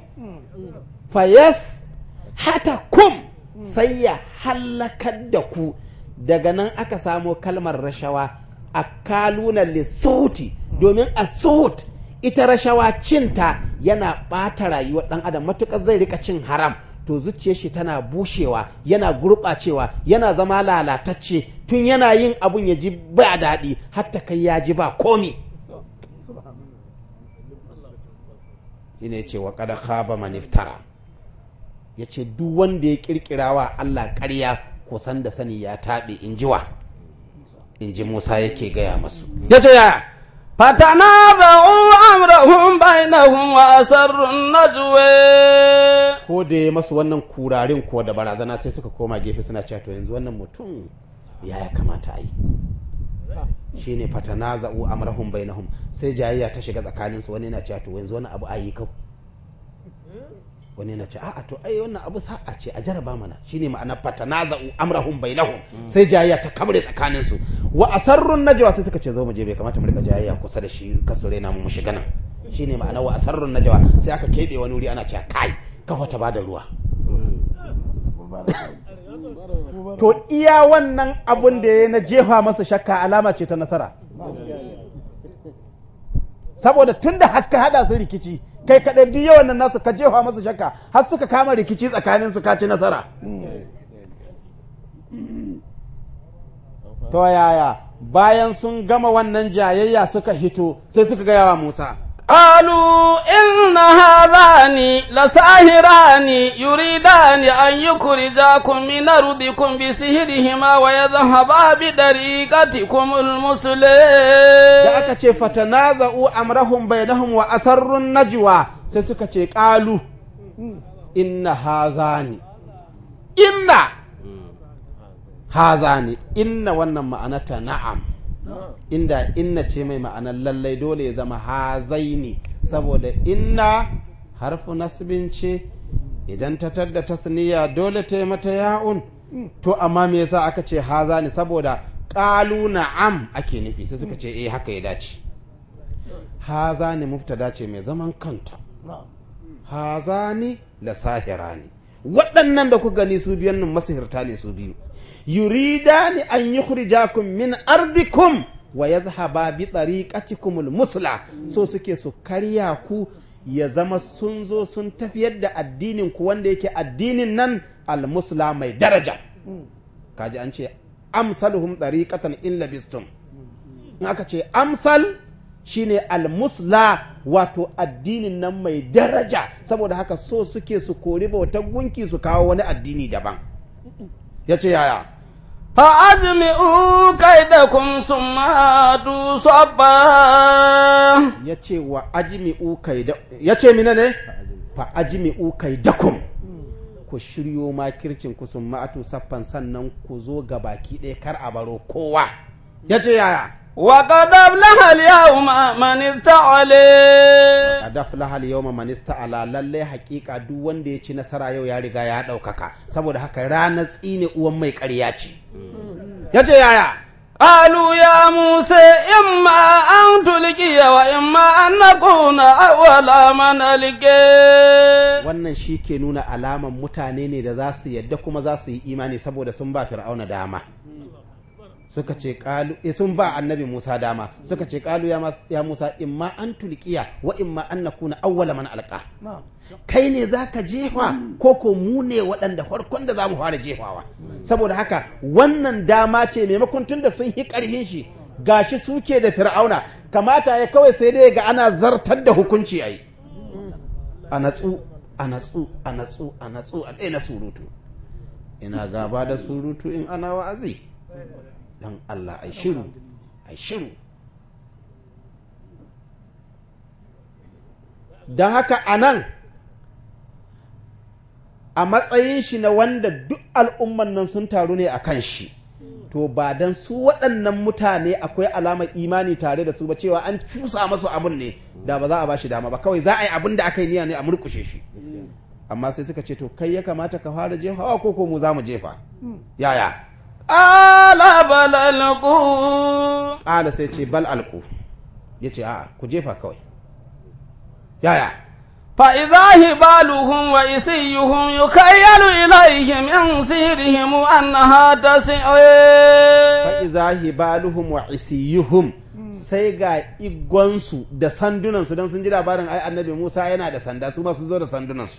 fa yashatakum sai ya hallakar da ku daga nan aka samo kalmar rashawa a akaluna lissoti domin a sot ita rashawa cinta yana ɓata rayuwar ɗan adam matuƙar zai rika cin haram to zuciyar shi tana bushewa yana gurɓacewa yana zama lalatacce tun yana yin abun ya ji ba daɗi hatta kai ya ji ba komi ina ce wa kada khaba maniftara ya ce duk wanda ya kirkira wa Allah ƙarya kusan da sani ya taɓe injiwa. in ji Musa yake gaya masu ya ce yaya fatanaza'u amrahum bainahum wa asarrun najwa ko da ya masu wannan kurarin ko da barazana sai suka koma gefe suna cewa to yanzu wannan mutum ya kamata a yi shine fatanaza'u amrahum bainahum sai jayayya ta shiga tsakaninsu wani na cewa to yanzu wani abu ayi kau wani na ce a'a to ai wannan abu sa'a ce a jaraba mana shine ma'ana fatanaza'u amrahum bainahum sai jayayya ta kamre tsakanin su wa asarrun najwa sai suka ce zo mu je bai kamata mu rika jayayya kusa da shi kaso raina mu shiga nan shine ma'ana wa asarrun najwa sai aka kebe wani wuri ana cewa kai ka ta bada ruwa to iya wannan abun da ya na jefa masa shakka alama ce ta nasara saboda tunda hakka hada su rikici kai kaɗai biyu yawan nan nasu ka jefa masu shakka har suka kama rikici tsakanin su ka ci nasara to yaya bayan sun gama wannan jayayya suka hito sai suka gaya wa Musa qalu innaha لساهران يريدان أن يخرجاكم من أرضكم بسحرهما ويذهبا بطريقتكم المسلم da aka ce fatanaza'u amrahum bainahum wa asarrun najwa sai suka ce qalu inna hazani inna hazani inna wannan ma'anata na'am inna ce mai ma'anar lallai dole ya zama hazai ne saboda inna harfu nasibin ce idan ta tadda tasniya dole ta yi mata ya'un to amma me yasa aka ce haza ne saboda ƙaluna'am na'am ake nufi sai suka ce eh haka ya dace haza ne mubtada ce mai zaman kanta haza ne da sahira ne waɗannan da ku gani su biyan nan masihirta ne su biyu yurida ni an yi yukhrijakum min ardikum wa yadhhaba bi tariqatikum musla so suke su karya ku ya zama sun zo sun tafiyar da addinin ku wanda yake addinin nan almusla mai daraja kaji an ce amsaluhum dariqatan in labistum in aka ce amsal shine almusla wato addinin nan mai daraja saboda haka so suke su kori bautan gunki su kawo wani addini daban yace yaya fa'azmi'u kaidakum summa tu sabba yace wa ajmi'u kaida yace mina ne fa'ajmi'u kaidakum ku shiryo makircin ku summa tu saffan sannan ku zo ga baki ɗaya kar a baro kowa yace yaya وقد أفلح اليوم من استعلى وقد أفلح اليوم من استعلى للي حقيقة دو wanda ya ci nasara yau ya riga ya ɗaukaka saboda haka ranar tsine uwan mai ƙarya ce yace yaya قالوا يا موسى إما أن تلقي وإما أن نكون أول من ألقي wannan shi ke nuna alaman mutane ne da za su yadda kuma za su yi imani saboda sun ba fir'auna dama suka ce kalu eh, sun ba annabi Musa dama suka ce kalu ya Musa imma an tulkiya wa imma an kuna awwala man alqa kai ne zaka jefa ko ko mu ne waɗanda farkon da zamu fara jefawa saboda haka wannan dama ce maimakon tunda sun yi karhin shi gashi suke da fir'auna kamata ya kawai sai dai ga ana zartar da hukunci ai a natsu a natsu a natsu a natsu a na surutu ina gaba da surutu in ana wa'azi dan Allah ai shiru ai shiru don haka anan a matsayin shi na wanda duk al'umman nan sun taru ne a kan shi to ba don su waɗannan mutane akwai alamar imani tare da su ba cewa an cusa masu abun ne da ba za a ba shi dama ba kawai za a yi abun da aka yi niyya ne a murkushe shi amma sai suka ce to kai ya kamata ka fara jefa ko ko mu za mu jefa hmm. yaya ala bal alqu qala sai ce bal Ya ce a'a ku jefa kawai yaya fa idha hibaluhum wa isiyuhum yukayyalu ilaihi min sirihim annaha tasi'u fa idha hibaluhum wa isiyuhum sai ga igonsu da sandunansu don sun ji labarin ai annabi Musa yana da sanda su ma sun zo da sandunansu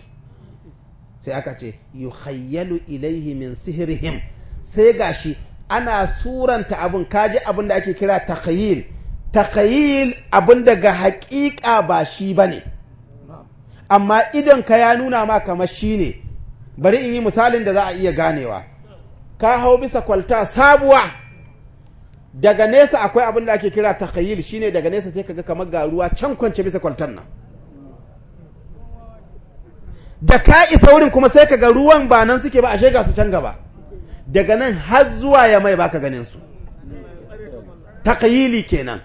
sai aka ce yukhayyalu ilaihi min sihrihim sai gashi ana suranta abin kaji abin da ake kira takayil takayil abin daga haƙiƙa ba shi ba ne amma idan ka ya nuna ma kamar shi ne bari in yi misalin da za a iya ganewa ka hau bisa kwalta sabuwa daga nesa akwai abin da ake kira takayil shine daga nesa sai kaga kamar ga ruwa can kwance bisa kwaltan nan da ka isa wurin kuma sai ka ga ruwan ba nan suke ba ashe ga su can gaba daga nan har zuwa ya mai baka ganin su taqyili kenan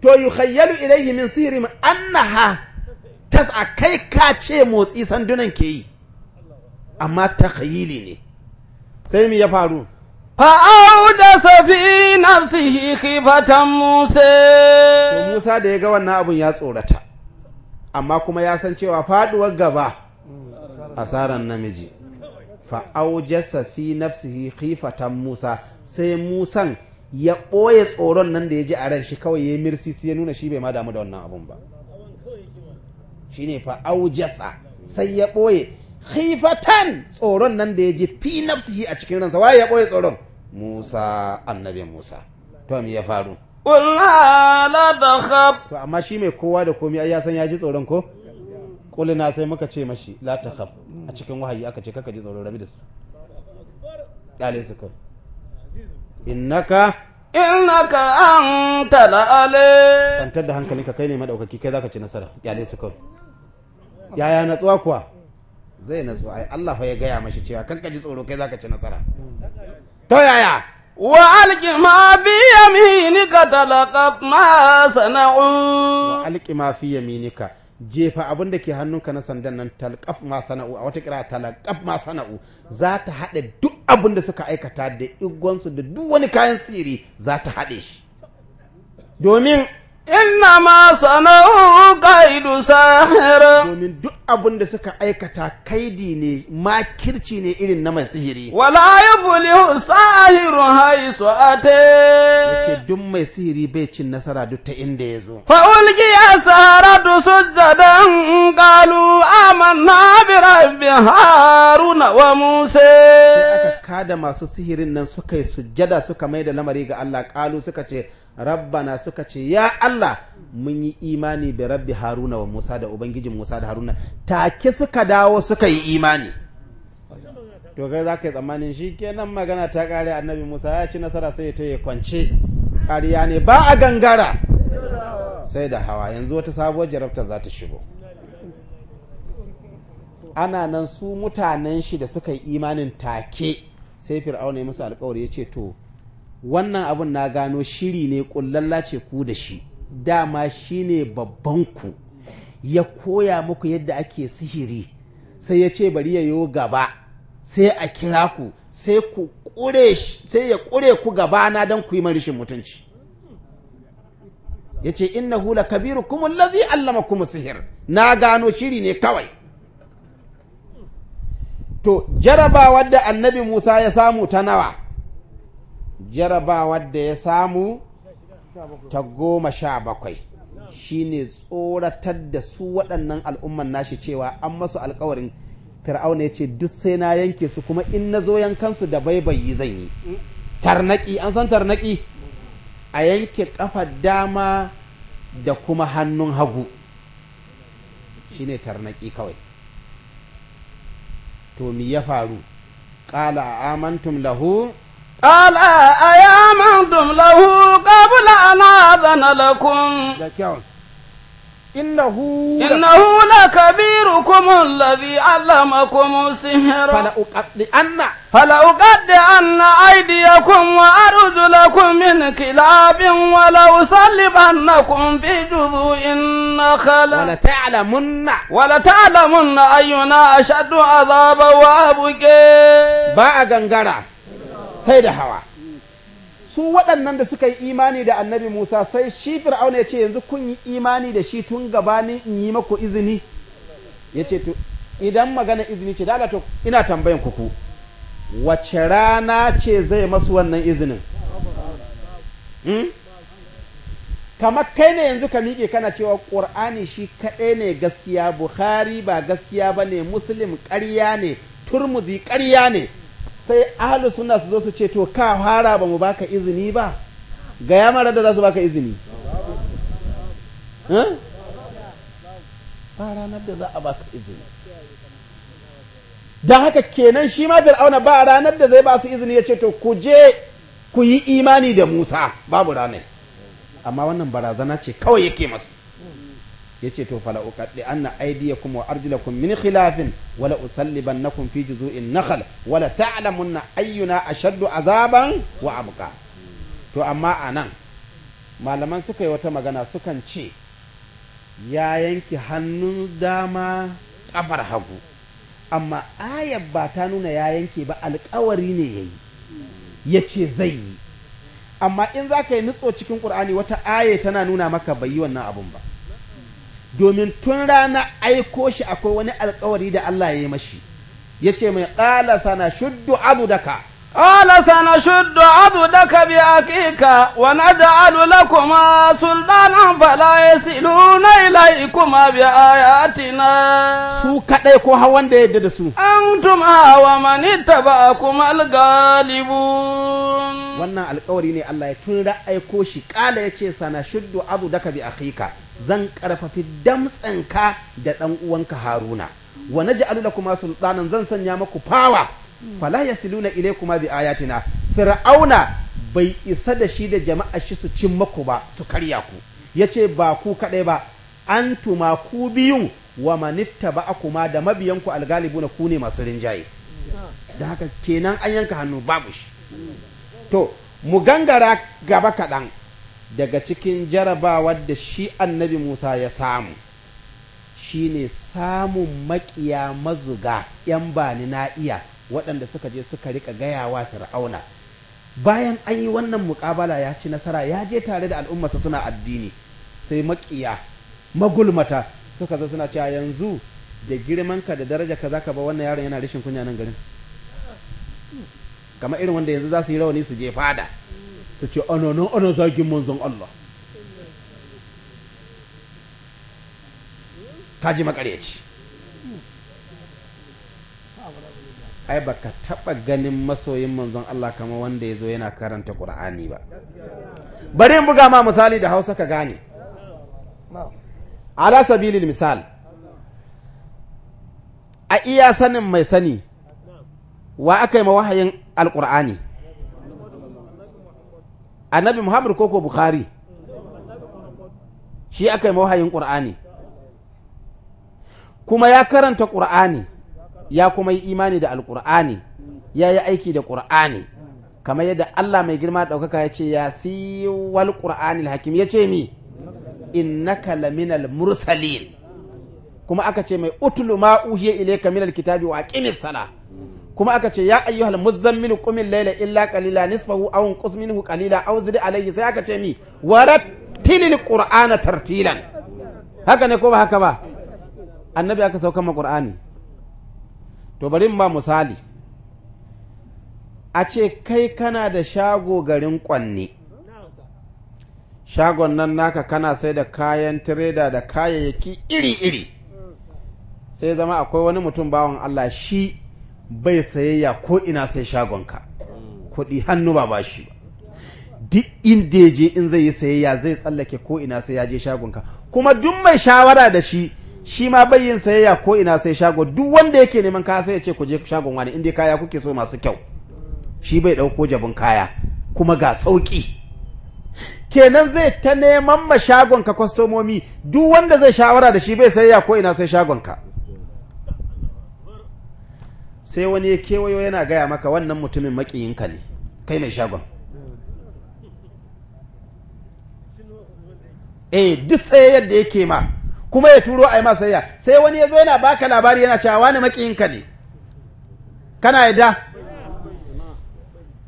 to yukhayyalu ilayhi min sihrihim annaha tas'a kai ka ce motsi sandunan ke yi amma taqyili ne sai mu ya faru فأودس في نفسه خيفة kifatan Musa Musa da ya ga wannan abun ya tsorata amma kuma ya san cewa faduwar gaba asaran namiji Fa'aujasa fi nafsihi khifatan Musa sai Musan ya ɓoye tsoron nan da ya ji a ran shi kawai ya mirsi sai ya nuna shi bai ma damu da wannan abun ba shine fa aujasa sai ya ɓoye khifatan tsoron nan da ya ji fi nafsihi a cikin ransa Wa ya ɓoye tsoron Musa annabi Musa to me ya faru Qul la da to amma shi mai kowa da komi ai ya san ya ji tsoron ko kulina sai muka ce mashi la takhaf a cikin wahayi aka ce kaka ji tsoron rabi da su kyale su kai innaka innaka anta ale. kwantar da hankali ka kai ne madaukaki kai zaka ci nasara kyale su kai yaya natsuwa kuwa zai na ai Allah fa ya gaya mashi cewa kanka ji tsoro kai zaka ci nasara to yaya wa alqi ma bi yaminika talaqaf ma sana'u wa alqi ma fi yaminika jefa abin da ke hannun ka na sandan nan talqaf ma sana'u a wata kira talqaf ma sana'u za ta haɗe duk abin da suka aikata da igonsu da duk wani kayan tsiri za ta haɗe shi domin innama sana'u qaidu sahir domin duk abin da suka aikata kaidi ne makirci ne irin na mai sihiri wala yuflihu sahiru haisu ate yake duk mai sihiri bai cin nasara duk ta inda yazo fa ulqiya saharatu sujadan qalu amanna bi rabbi haruna wa musa Kada da masu sihirin nan suka yi sujjada suka mai da lamari ga Allah Kalu suka ce rabbana suka ce ya Allah mun yi imani bi rabbi haruna wa musa da ubangijin musa da haruna take suka dawo suka yi imani to kai za ka yi tsammanin shi kenan magana ta ƙare annabi musa ya ci nasara sai ta yi kwance ƙarya ne ba a gangara sai da hawa yanzu wata sabuwar jarabta za ta shigo ana nan su mutanen shi da suka yi imanin take sai fir'auna ya musu alkawari ya ce to wannan abun na gano shiri ne kullalla ce ku da shi dama shine babban ku ya koya muku yadda ake sihiri sai ya ce bari ya yi gaba sai a kira ku sai ya kure ku gaba na dan ku yi marishin mutunci yace innahu lakabirukum allazi allamakum sihir na gano shiri ne kawai to jarabawar da annabi Musa ya samu ta nawa jarabawar da ya samu ta goma sha bakwai shine tsoratar da su waɗannan al'umman nashi cewa an masu alkawarin fir'auna ya ce duk sai na yanke su kuma in na zo yankansu da baibayi zan yi tarnaki an san tarnaƙi a yanke ƙafar dama da kuma hannun hagu shine tarnaƙi kawai to mi ya faru qala amantum lahu qala ayamantum lahu qabla an adana lakum da innahu innahu lakabirukum alladhi allamakum sihra fala uqaddi anna fala uqaddi anna aydiyakum wa arjulakum min kilabin wa law sallibannakum fi juzu'in nakhal wala ta'lamunna wala ayyuna ba a gangara sai da hawa su waɗannan da suka yi imani da annabi Musa sai shi Fir'auna ya ce yanzu kun yi imani da shi tun gabani in yi maku izini ya ce to idan magana izini ce dala to ina tambayan ku wace rana ce zai masu wannan izinin hmm? kamar kai ne yanzu ka miƙe kana cewa ƙur'ani shi kaɗai ne gaskiya bukhari ba gaskiya ba ne muslim ƙarya ne turmuzi ƙarya ne sai ahalus suna su zo su ce to ka fara ba mu baka izini ba ga ya mara da za su baka izini ba ranar da za a baka izini don haka kenan shi ma fir'auna ba ranar da zai ba su izini ya ce to ku je ku yi imani da musa babu ranar amma wannan barazana ce kawai yake masu ce to fala uqaddi anna aydiyakum wa arjulakum min khilafin wala usallibannakum fi juzu'in nakhl wala ta'lamunna ayyuna ashaddu azaban wa abqa to amma anan malaman suka yi wata magana sukan ce ya yanki hannun dama kafar hagu amma ayar ba ta nuna ya yanke ba alkawari ne yayi yi ya zai yi amma in za ka yi nutso cikin ƙur'ani wata aya tana nuna maka bai yi wannan abun ba domin tun rana aiko shi akwai wani alkawari da Allah ya yi mashi ya ce mai ƙala sana shuddu abu ka. قال سنشد عضدك بأكيك ونجعل لكما سلطانا فلا يسلون إليكما بآياتنا su kaɗai ko hawan da yadda da su antum hawa man ittaba'akum al-ghalibun wannan alƙawari ne Allah ya tun ra'aiko shi kala yace sana shuddu abudaka bi akhika zan karfafi damtsanka da ɗan uwanka Haruna wa la kuma sultanan zan sanya maku fawa fala yasiluna ilaykuma bi ayatina fir'auna bai isa da shi da jama'a shi su cin maku ba su karya ku yace ba ku kaɗai ba antuma ku biyun wa manitta ba kuma da mabiyanku algalibu na ku ne masu rinjaye da haka kenan an yanka hannu babu shi to mu gangara gaba kaɗan daga cikin jarabawar da shi annabi musa ya samu shine samun maƙiya mazuga 'yan bani na iya waɗanda suka je suka rika gayawa fir'auna bayan an yi wannan muƙabala ya ci nasara ya je tare da al'ummarsa suna addini sai maƙiya magulmata suka zo suna cewa yanzu da girman ka da daraja ka zaka ba wannan yaron yana rashin kunya nan garin kamar irin wanda yanzu za su yi rawani su je fada su ce ana nan ana zagin manzon Allah kaji makaryaci ai ka taɓa ganin masoyin manzon Allah kamar wanda ya zo yana karanta ƙur'ani ba bari in buga ma misali da Hausa ka gane ala sabilil misal a iya sanin mai sani wa aka yi ma wahayin annabi Muhammad koko Bukhari shi aka yi ma wahayin Al-Ƙur'ani? kuma ya karanta ƙur'ani ya kuma yi imani da alkur'ani ya yi aiki da ƙur'ani kamar yadda Allah mai girma ɗaukaka ya ce ya wal ƙur'ani hakim ya ce mi innaka laminal mursalin kuma aka ce mai utulu ma uhiya ilayka minal kitabi wa aqimis sala kuma aka ce ya ayyuhal muzammil qumil layla illa qalila nisfahu aw unqus minhu qalila aw zid alayhi sai aka ce mi warattilil qur'ana tartilan haka ne ko ba haka ba annabi aka sauka ma qur'ani to bari ma misali a ce kai kana da shago garin kwanne shagon nan naka kana sai da kayan tireda da kayayyaki iri-iri sai zama akwai wani mutum bawan Allah shi bai sayayya ko ina sai shagonka kuɗi hannu ba ba shi ba duk inda je in zai yi sayayya zai tsallake ko ina sai ya je shagonka kuma duk mai shawara da shi shi ma bayyin sayayya ko ina sai shago duk wanda yake neman kaya sai ya ce ku je shagon wani inda kaya kuke so masu kyau shi bai ɗauko jabin kaya kuma ga sauƙi kenan zai ta neman ma shagon ka kwastomomi duk wanda zai shawara da shi bai sayayya ko ina sai shagon ka sai wani ya kewayo yana gaya maka wannan mutumin makiyinka ne kai mai shagon eh duk tsaye yadda yake ma kuma ya turo a yi masayya sai wani ya zo yana baka labari yana cewa wani makiyinka ne kana yadda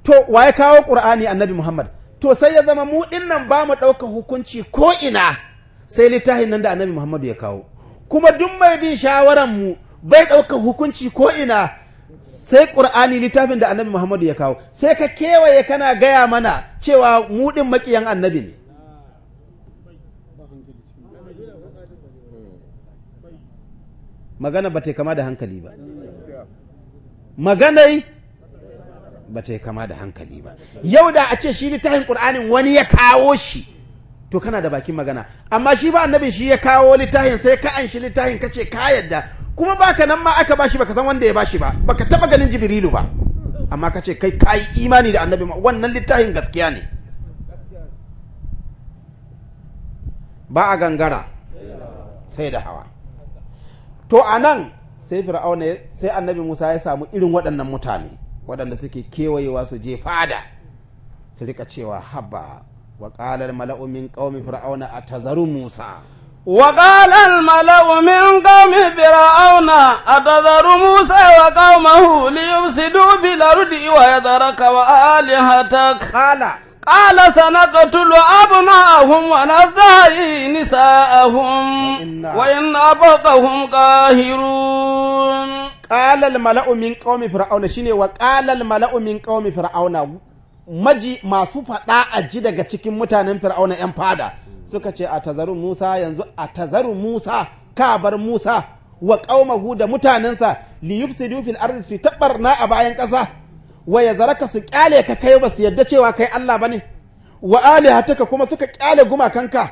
to wa ya kawo ƙur'ani annabi muhammad to sai ya zama mu nan ba mu ɗauka hukunci ko ina sai littafin nan da annabi muhammadu ya kawo kuma duk mai bin shawaran mu bai ɗaukan hukunci ko ina sai ƙur'ani littafin da annabi Muhammadu ya kawo sai ka kewaye kana gaya mana cewa mu ɗin maƙiyan annabi ne magana ba ta kama da hankali ba maganai ba ta kama da hankali ba yau da a ce shi littafin qur'anin wani ya kawo shi to kana da bakin magana amma shi ba annabi shi ya kawo littafin sai ka an shi littafin kace ka yadda kuma baka nan ma aka bashi baka san wanda ya bashi ba baka taba ganin jibrilu ba amma ka ce kai kai imani da annabi wannan littafin gaskiya ne ba a gangara sai da hawa to a nan sai fir'auna sai annabi musa ya samu irin waɗannan mutane waɗanda suke kewayewa su je fada su rika cewa haba wa ƙalar mala'u min ƙaumi fir'auna a tazaru musa wa ƙalar mala'u ƙaumi fir'auna a tazaru musa wa ƙaumahu liyu su dubi ardi wa yadaraka wa alihata kala قال سنقتل أبناءهم ونستحيي نساءهم وإن أبقهم قاهرون قال الملأ من قوم فرعون شيني وقال الملأ من قوم فرعون maji masu faɗa a ji daga cikin mutanen fir'auna 'yan fada suka ce a tazaru musa yanzu a tazaru musa ka musa wa ƙaumahu da mutanensa liyufsidu fil ardi su taɓarna a bayan ƙasa wa ya zaraka su kyale ka kai ba su yadda cewa kai Allah ba ne wa alihataka kuma suka kyale gumakanka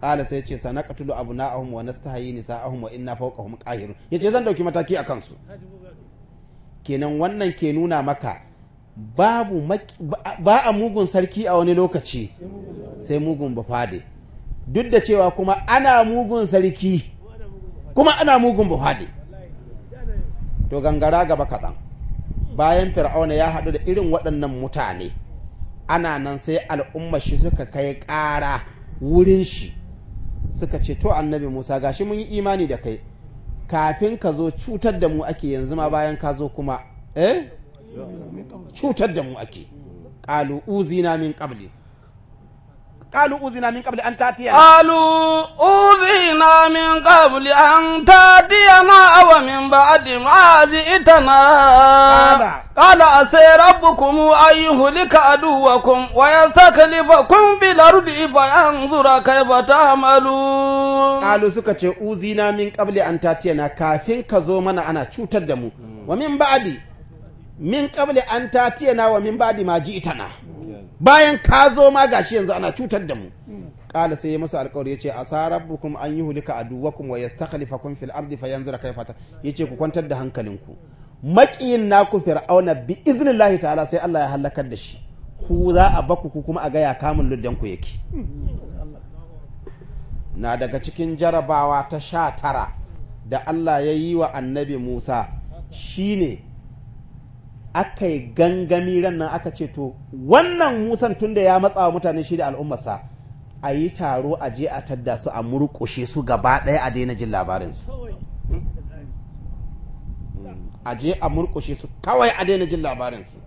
kala sai ce sana qatulu abna'ahum wa nastahayi nisa'ahum wa inna fawqahum qahirun yace zan dauki mataki a kansu kenan wannan ke nuna maka babu ba a mugun sarki a wani lokaci sai mugun bafade duk da cewa kuma ana mugun sarki kuma ana mugun bafade to gangara gaba kaɗan bayan fir'auna ya haɗu da irin waɗannan mutane ana nan sai al'umma shi suka kai ƙara wurin shi suka ce to annabi musa gashi mun yi imani da kai kafin ka zo cutar da mu ake yanzu ma bayan ka zo kuma eh cutar da mu ake ƙalu uzina min ƙabli قالوا أذنا من قبل أن تأتينا قالوا أذنا من قبل أن تأتينا ومن بعد ما جئتنا قال أسي ربكم أن يهلك عدوكم ويستكلفكم بالأرض فينظر كيف تعملون قالوا سكتي أذنا من قبل أن تأتينا كافين كزومنا أنا شو تدمو ومن بعد min qabli an ta tiyana wa min ba'di ma na bayan ka zo ma gashi yanzu ana cutar da mu qala sai ya masa alƙawari yace asa rabbukum an yuhlika aduwakum wa yastakhlifakum fil ardi fayanzura kayfa ta yace ku kwantar da hankalinku maƙiyin naku fir'auna bi iznillahi ta'ala sai Allah ya halakar da shi ku za a baku ku kuma a gaya kamun luddan ku yake na daga cikin jarabawa ta sha tara da Allah ya yi wa annabi Musa shine aka yi gangami ran nan aka ce to wannan musan tunda ya matsa wa mutane shi da al'ummarsa a yi taro a je a tadda su a murƙushe su gaba ɗaya a daina jin labarinsu a je a murƙushe su kawai a daina jin labarinsu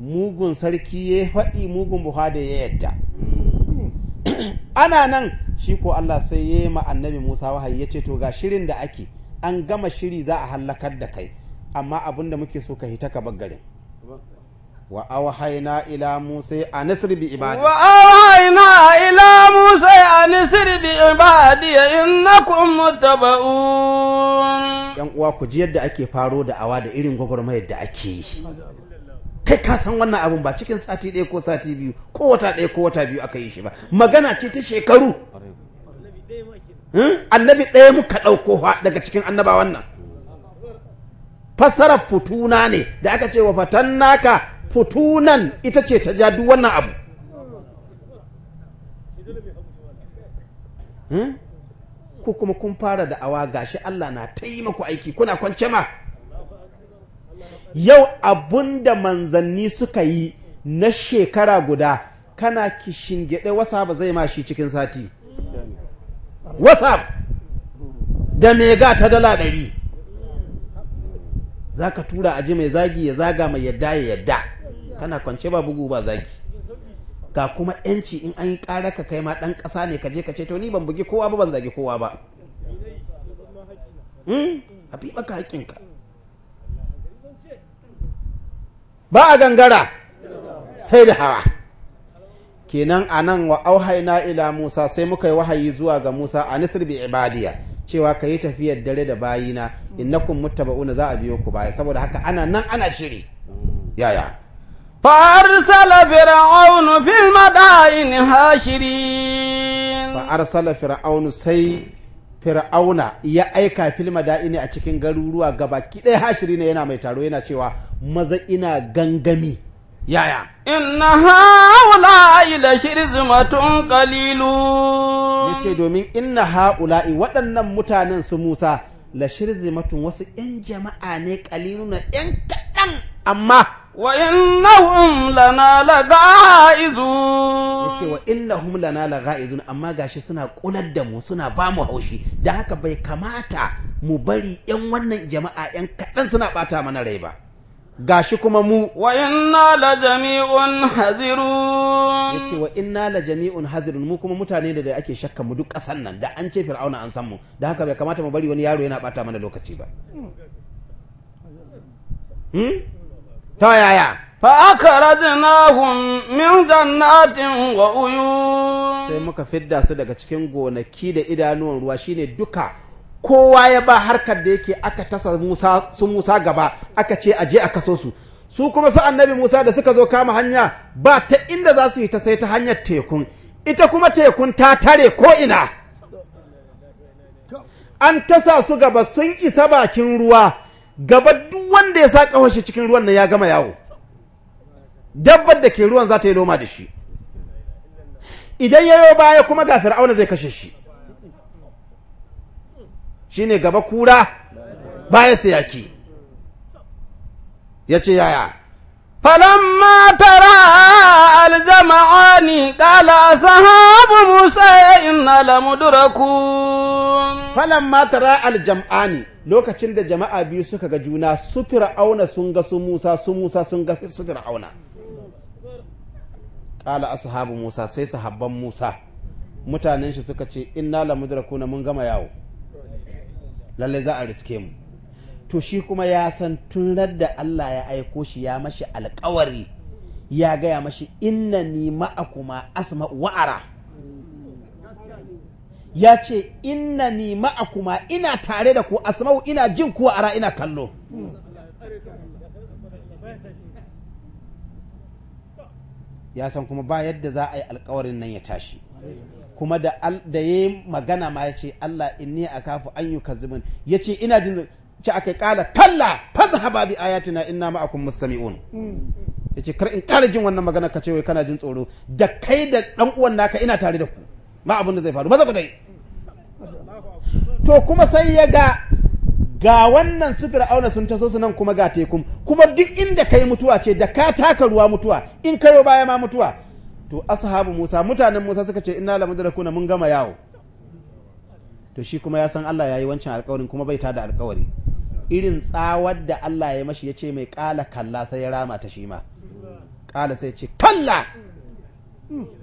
mugun sarki ya faɗi mugun Buhari ya yadda ana nan shi ko Allah sai ya yi ma annabi Musa wahayi ya ce to ga shirin da ake an gama shiri za a hallakar da kai amma abin da muke so ka hita ka bangare. wa awhayna ila musa a bi ibadi wa awhayna ila musa an bi ibadi innakum muttaba'un yan uwa ku ji yadda ake faro da awa da irin gwagwarmayar da ake yi kai ka san wannan abun ba cikin sati ɗaya ko sati biyu ko wata ɗaya ko wata biyu aka yi shi ba magana ce ta shekaru annabi ɗaya hmm? muka ɗauko daga cikin annaba wannan fassarar futuna ne da aka ce wa fatan naka futunan ita ce ta jadu wannan abu hmm? Ku kuma kun fara da awa gashi Allah na taimako aiki kuna kwance ma yau abun da manzanni suka yi na shekara guda kana kishin gyaɗe wasa ba zai ma shi cikin sati wasa da mega ta dala ɗari za ka tura aji mai zagi ya zaga mai yadda ya yadda kana kwance ba bugu ba zagi ga kuma yanci in an yi ƙara ka kai ma ɗan ƙasa ne ka je ka ce to ni ban bugi kowa ba ban zagi kowa ba hmm? a maka ba a gangara sai da hawa kenan anan wa auhaina ila musa sai muka yi wahayi zuwa ga musa a nisir bi ibadiya cewa ka yi tafiyar dare da bayina innakum muttaba'una za a biyo ku baya saboda haka ana nan ana shiri yaya فأرسل فرعون في المدائن هاشرين فأرسل فرعون سي fir'auna ya aika filma da'ini a cikin garuruwa gaba kiɗai hashiri ne yana mai taro yana cewa maza ina gangami yaya inna haula'i la shirzmatun kalilu. yace domin inna haula'i waɗannan mutanen su Musa la shirzimatun wasu ‘yan jama'a ne na ‘yan kaɗan amma wa innahum lana laga'izu yace wa innahum lana laga'izun amma gashi suna kular da mu suna ba mu haushi da haka bai kamata mu bari ‘yan wannan jama'a ‘yan kaɗan suna ɓata mana rai ba gashi kuma mu wa inna la jami'un hazirun yace wa inna la jami'un hazirun mu kuma mutane da ake shakka mu duk kasan nan da an ce fir'auna an san mu da haka bai kamata mu bari wani yaro yana bata mana lokaci ba hmm ta yaya fa akhrajnahum min jannatin wa uyun sai muka fidda su daga cikin gonaki da idanuwan ruwa shine duka kowa ya ba harkar da yake aka tasa Musa su Musa gaba aka ce aje a kaso su su kuma su annabi Musa da suka zo kama hanya ba ta inda za su yi ta sai ta hanyar tekun ita kuma tekun ta tare ko ina an tasa su gaba sun isa bakin ruwa gaba duk wanda ya sa kawar shi cikin ruwan nan ya gama yawo dabbar da ke ruwan za ta yi noma da shi idan ya baya kuma ga fir'auna zai kashe shi Shi ne gaba kura baya sayaki yace yaya فلما ترى الجمعان قال أصحاب موسى inna لمدركون فلما ترى aljama'ani lokacin da jama'a biyu suka ga juna su fir'auna sun ga su Musa su Musa sun ga su fir'auna a ashabu Musa sai sahabban Musa mutanen shi suka ce inna na mun gama yawo lalle za a riske mu to shi kuma ya san tun da Allah ya aiko shi ya mashi alkawari ya gaya mashi ni ma'akuma asma wa'ara ya ce ni ma'akuma ina tare da ku asma'u ina jin ku ara ina kallo ya san kuma ba yadda za a yi alkawarin nan ya tashi kuma da ya yi magana ma ya ce Allah inni akafu an yi kazzibin ya ce ina jin ce aka kala kalla faza haba bi ayatina inna ma'akum mustami'un ya ce kar in kara jin wannan magana ka ce wai kana jin tsoro da kai da dan uwan naka ina tare da ku ba abin da zai faru maza ku dai to kuma sai ya ga ga wannan su fir'auna sun taso su nan kuma ga tekun kuma duk inda kai mutuwa ce da ka taka ruwa mutuwa in kayo baya ma mutuwa to ashabu Musa mutanen Musa suka ce inna na mun gama yawo to shi kuma ya san Allah yayi wancan alƙawarin kuma bai tada alƙawari irin tsawar da Allah ya mashi yace mai kala kalla sai ya rama ta shi ma kala sai ce kalla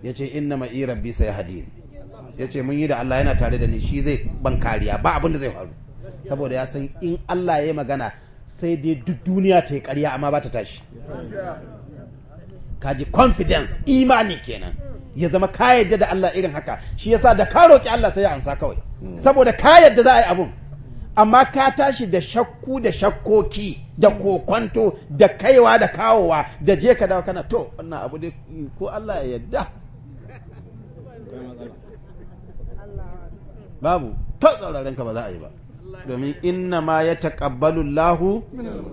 yace inna ma rabbi sai yace mun yi da Allah yana tare da ni shi zai ban kariya ba abin da zai faru saboda ya san in Allah ya yi magana sai dai duk duniya ta yi ƙarya amma ba ta tashi kaji confidence imani kenan ya zama ka yarda da Allah irin haka shi yasa da ka roki Allah sai ya ansa kawai saboda ka yarda za a yi abun amma ka tashi da shakku da shakkoki da kokwanto da kaiwa da kawowa da je ka dawo kana to wannan abu dai ko Allah ya yarda. babu to tsauraren ka ba za a yi ba domin inna ma ya taƙabbalu lahu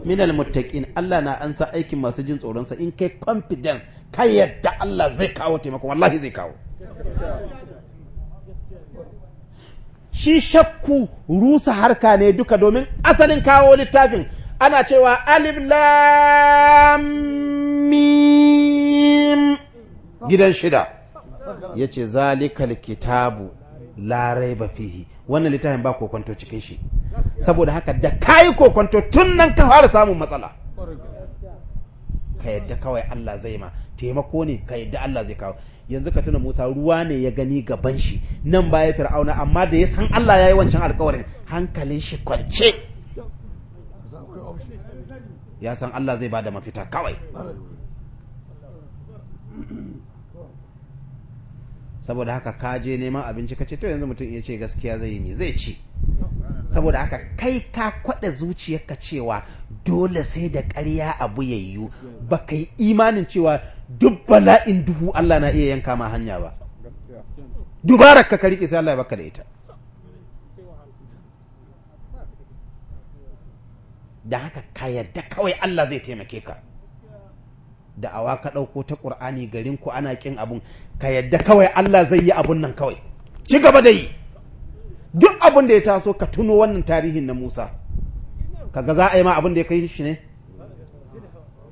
minal muttaqin Allah na ansa aikin masu jin tsoronsa in kai confidence kan yadda Allah zai kawo taimakon wallahi zai kawo shi shakku rusa harka ne duka domin asalin kawo littafin ana cewa alif lam gidan shida yace zalikal kitabu larai ba fihi wannan littafin ba kokwanto cikin shi saboda haka da kayi kokwanto tun nan ka fara samun matsala ka yadda kawai Allah zai ma taimako ne ka yadda Allah zai kawo yanzu ka tuna Musa ruwa ne ya gani gaban shi nan baya Fir'auna amma da ya san Allah ya yi wancan alkawarin hankalin shi kwance ya san Allah zai bada mafita kawai saboda haka ka je neman abinci ka ce to yanzu mutum ya ce gaskiya zai yi me zai ci saboda haka kai ka kwada zuciyarka cewa dole sai da ƙarya abu ya yiwu ba ka yi imanin cewa duk bala'in duhu Allah na iya yanka ma hanya ba dubarar ka riƙe sai Allah ya baka da ita da haka ka yarda kawai Allah zai taimake ka Da awa ka ɗauko ta ƙur'ani garin ku ana kin abun ka yadda kawai Allah zai yi abun nan kawai ci gaba da yi duk abun da ya taso ka tuno wannan tarihin na Musa kaga za a yi ma abun da ya kai shi ne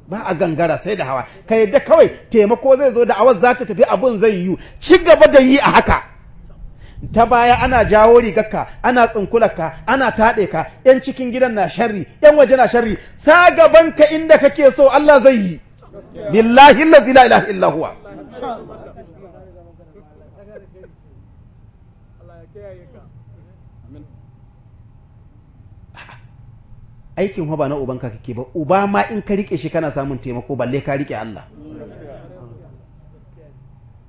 ba a gangara sai da hawa ka yadda kawai taimako zai zo da awar za ta tafi abun zai yi ci gaba da yi a haka ta baya ana jawo rigarka ana tsunkularka ana taɗe ka ‘yan cikin gidan na sharri ‘yan waje na sharri sa gabanka inda kake so Allah zai yi billahi allazi la ilaha illa huwa aikin fa ba na ubanka kake ba uba ma in ka rike shi kana samun taimako balle ka rike Allah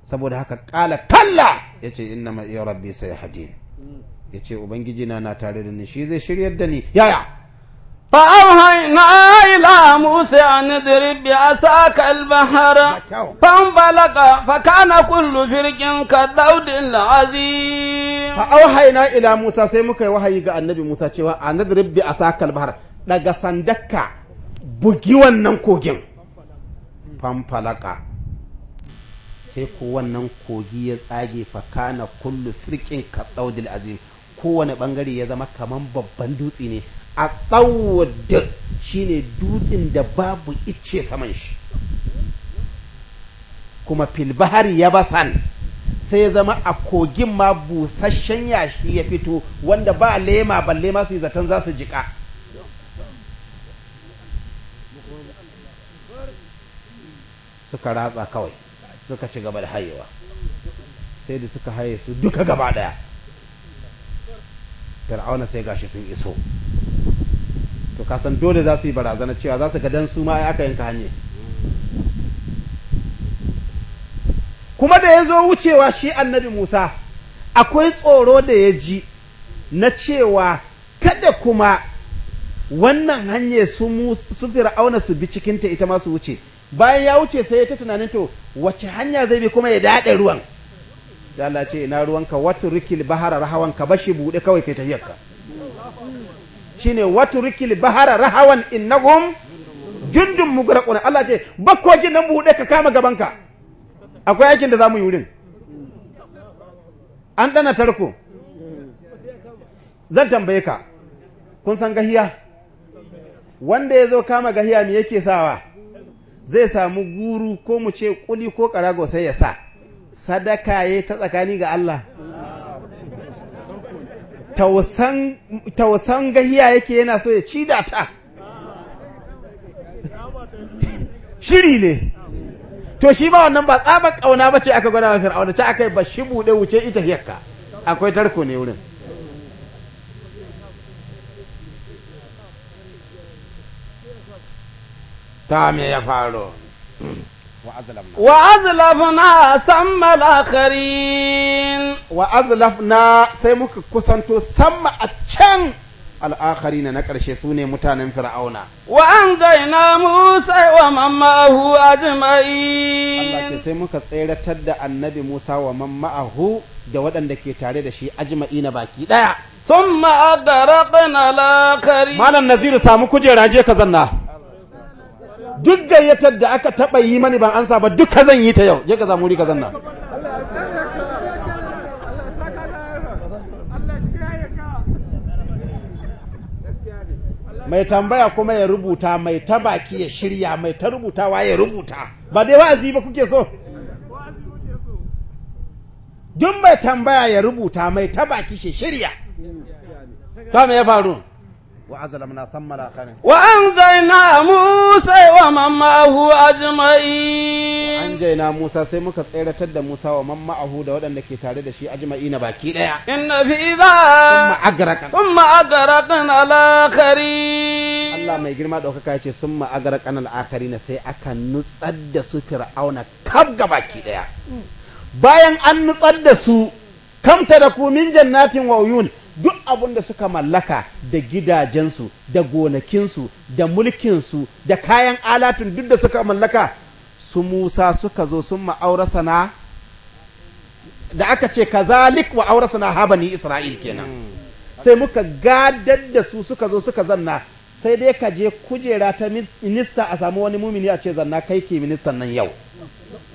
saboda haka kala talla yace inna ma ya rabbi sai hadin yace ubangiji na na tare da ni shi zai shiryar da ni yaya فأوهينا إلى موسى أن اضرب بعصاك البحر فانفلق فكان كل فرق كالدود العظيم فأوهينا إلى موسى سيمك وهي النبي موسى cewa أن اضرب بعصاك البحر daga sandakka bugi wannan kogin fanfalaka sai ko wannan kogi ya tsage fakana kullu firkin ka daudil azim kowane bangare ya zama kaman babban dutse ne a shi ne dutsen da babu icce saman shi kuma filbahari ya basan sai ya zama a kogin ma busasshen yashi ya fito wanda ba lema ba lema su yi zaton za su jika suka ratsa kawai suka ci gaba da hayewa sai da suka haye su duka gaba daya fir'auna sai gashi sun iso to kasan dole za su yi barazana cewa za su ga dan su ma aka yanka hanyar kuma da ya zo wucewa shi annabi Musa akwai tsoro da ya ji na cewa kada kuma wannan hanyar su, su fir'auna su bi cikinta ita ma su wuce bayan ya wuce sai ya ta tunanin to wace hanya zai bi kuma ya daɗe ruwan sai Allah ce ina ruwanka wata rikil bahara rahawanka bashi buɗe kawai kai tafiyarka shine waturikil bahara rahawan innahum jundun mugraquna Allah ce bakkokin nan bude ka kama gabanka akwai aikin da za mu yi wurin an dana tarko zan tambaye ka kun san gahiya wanda ya zo kama gahiya me yake sawa zai samu guru ko mu ce kuli ko karago sai ya sa sadaka yayi ta tsakani ga Allah tausan gahiya yake yana so ya ci da ta shiri ne to shi ba wannan ba tsabar kauna ce aka gwada wa fir'auna ta yi ba shi bude wuce ita hiyarka akwai tarko ne wurin ta me ya faru وأزلفنا ثم الآخرين وأزلفنا سيمك كسنتو ثم أتشن الآخرين نكر سوني متان فرعون وأنجينا موسى ومن معه أجمعين الله سيمك سيدة تد النبي موسى ومن معه da waɗanda ke tare da shi ajma'i na baki ɗaya. Sun ma'agaraqna lakari. Malam Naziru samu kujera je duk gayyatar da aka taɓa yi mani ba an ba duka zan yi ta yau je ka zamuri wuri ka zanna mai tambaya kuma ya rubuta mai ta baki ya shirya mai ta rubutawa ya rubuta ba dai wa'azi ba kuke so duk mai tambaya ya rubuta mai ta baki shi shirya ta me ya faru وعزلمنا صم الآخرين وأنجينا موسى ومن معه أجمعين وأنجينا موسى سي muka tseratar da Musa wa man ma'ahu da waɗanda ke tare da shi ajma'ina baki daya inna fi idha thumma agraqan thumma agraqan al Allah mai girma daukaka yace summa agraqan al na sai aka nutsar da su fir'auna kaf baki daya bayan an nutsar da su kamta da kumin jannatin wa uyun abin da suka mallaka da gidajensu da gonakinsu da mulkinsu da kayan alatun duk da suka mallaka su Musa suka zo sun sana da aka ce kazalik wa aurasana habani Isra'il kenan hmm. sai muka gadar da su suka zo suka zanna sai dai ka je kujera ta minista a samu wani mumini a ce zanna kai ke ministan nan yau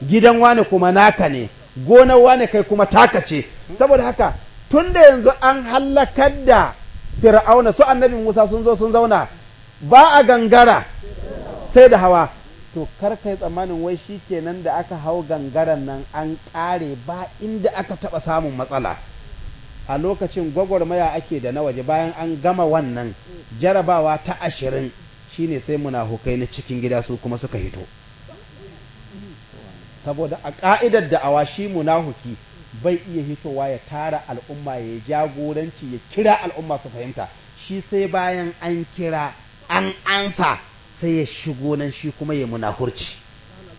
gidan wane kuma naka ne gonar wane kai kuma taka ce hmm. saboda haka tun da yanzu an hallakar da fir'auna su annabi musa sun zo sun zauna ba a gangara sai da hawa to kar kai tsammanin wai shi kenan da aka hau gangaran nan an ƙare ba inda aka taɓa samun matsala a lokacin gwagwarmaya ake da na waje bayan an gama wannan jarabawa ta ashirin shine sai muna hukai na cikin gida su kuma suka hito saboda a ka'idar da awa shi munahuki bai iya hitowa ya tara al'umma ya jagoranci ya kira al'umma su fahimta shi sai bayan an kira an ansa sai ya shigo nan shi kuma ya munafurci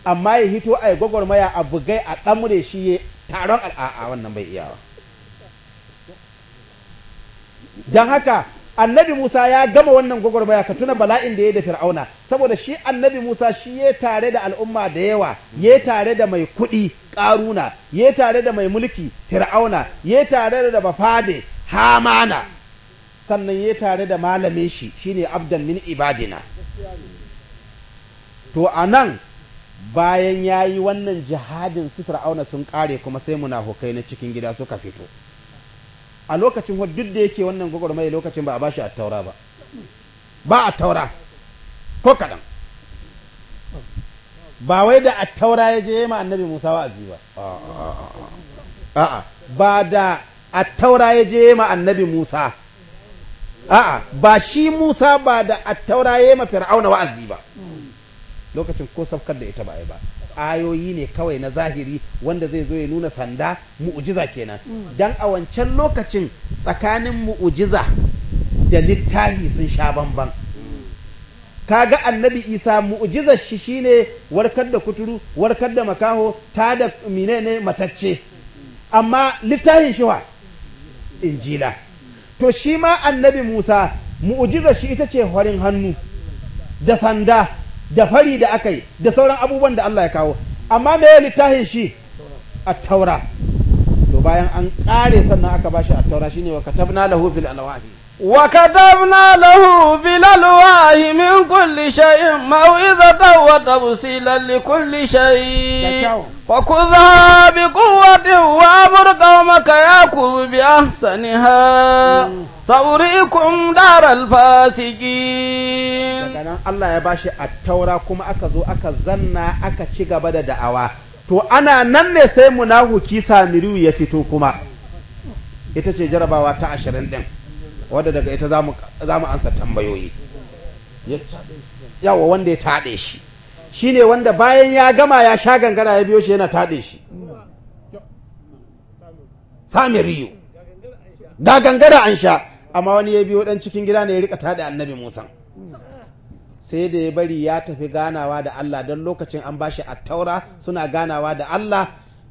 amma ya hito a gwagwarmaya a bugai a ɗamure shi ya taron al'a'a wannan bai iyawa don haka annabi musa ya gama wannan gwagwarmaya ka tuna bala'in da ya da fir'auna saboda shi annabi musa shi ya tare da al'umma da yawa ya tare da mai kuɗi ƙaruna ya tare da mai mulki fir'auna ya tare da bafade hamana sannan ya tare da malamin shi shine abdan min ibadina to anan bayan ya yi wannan jihadin su fir'auna sun ƙare kuma sai muna munafukai na cikin gida suka fito a lokacin duk da yake wannan gwagwarmaya lokacin ba a bashi a taura ba ba a taura ko kaɗan ba wai da attaura ya je ma annabi Musa wa'azi ba a'a ba da attaura ya je ma annabi Musa a'a ba shi Musa ba da attaura ya ma fir'auna wa'azi ba lokacin ko safkar da ita ba ba ayoyi ne kawai na zahiri wanda zai zo ya nuna sanda mu'ujiza kenan mm. dan a wancan lokacin tsakanin mu'ujiza da littafi sun sha bamban Ka ga annabi isa mu'jizar shi shine warkar da kuturu warkar da makaho ta da menene matacce amma littafin wa? injila to shi ma annabi musa mu'jizar shi ita ce horin hannu da sanda da fari da aka yi da sauran abubuwan da Allah ya kawo amma me littafin shi a taura to bayan an kare sannan aka bashi a taura shine wa katabna lahu fil alwahi وكتبنا له في الألواح من كل شيء موعظة وتفصيلا لكل شيء فخذها بقوة وأمر قومك يأخذ بأحسنها سأريكم دار الفاسقين الله يباشي التوراة كما أكزو أكزنا أكتشيغ بدا دعوة تو أنا nan ne sai munahuki يفتو كما fito kuma ita ce jarabawa wadda daga ita za mu ansa tambayoyi yawa wanda ya taɗe shi shi ne wanda bayan ya gama ya sha gangara ya biyo shi yana taɗe shi sami riyo da gangara an sha amma wani ya biyo ɗan cikin gida ne ya rika taɗe annabi musan sai da ya bari ya tafi ganawa da Allah don lokacin an bashi attaura suna ganawa da Allah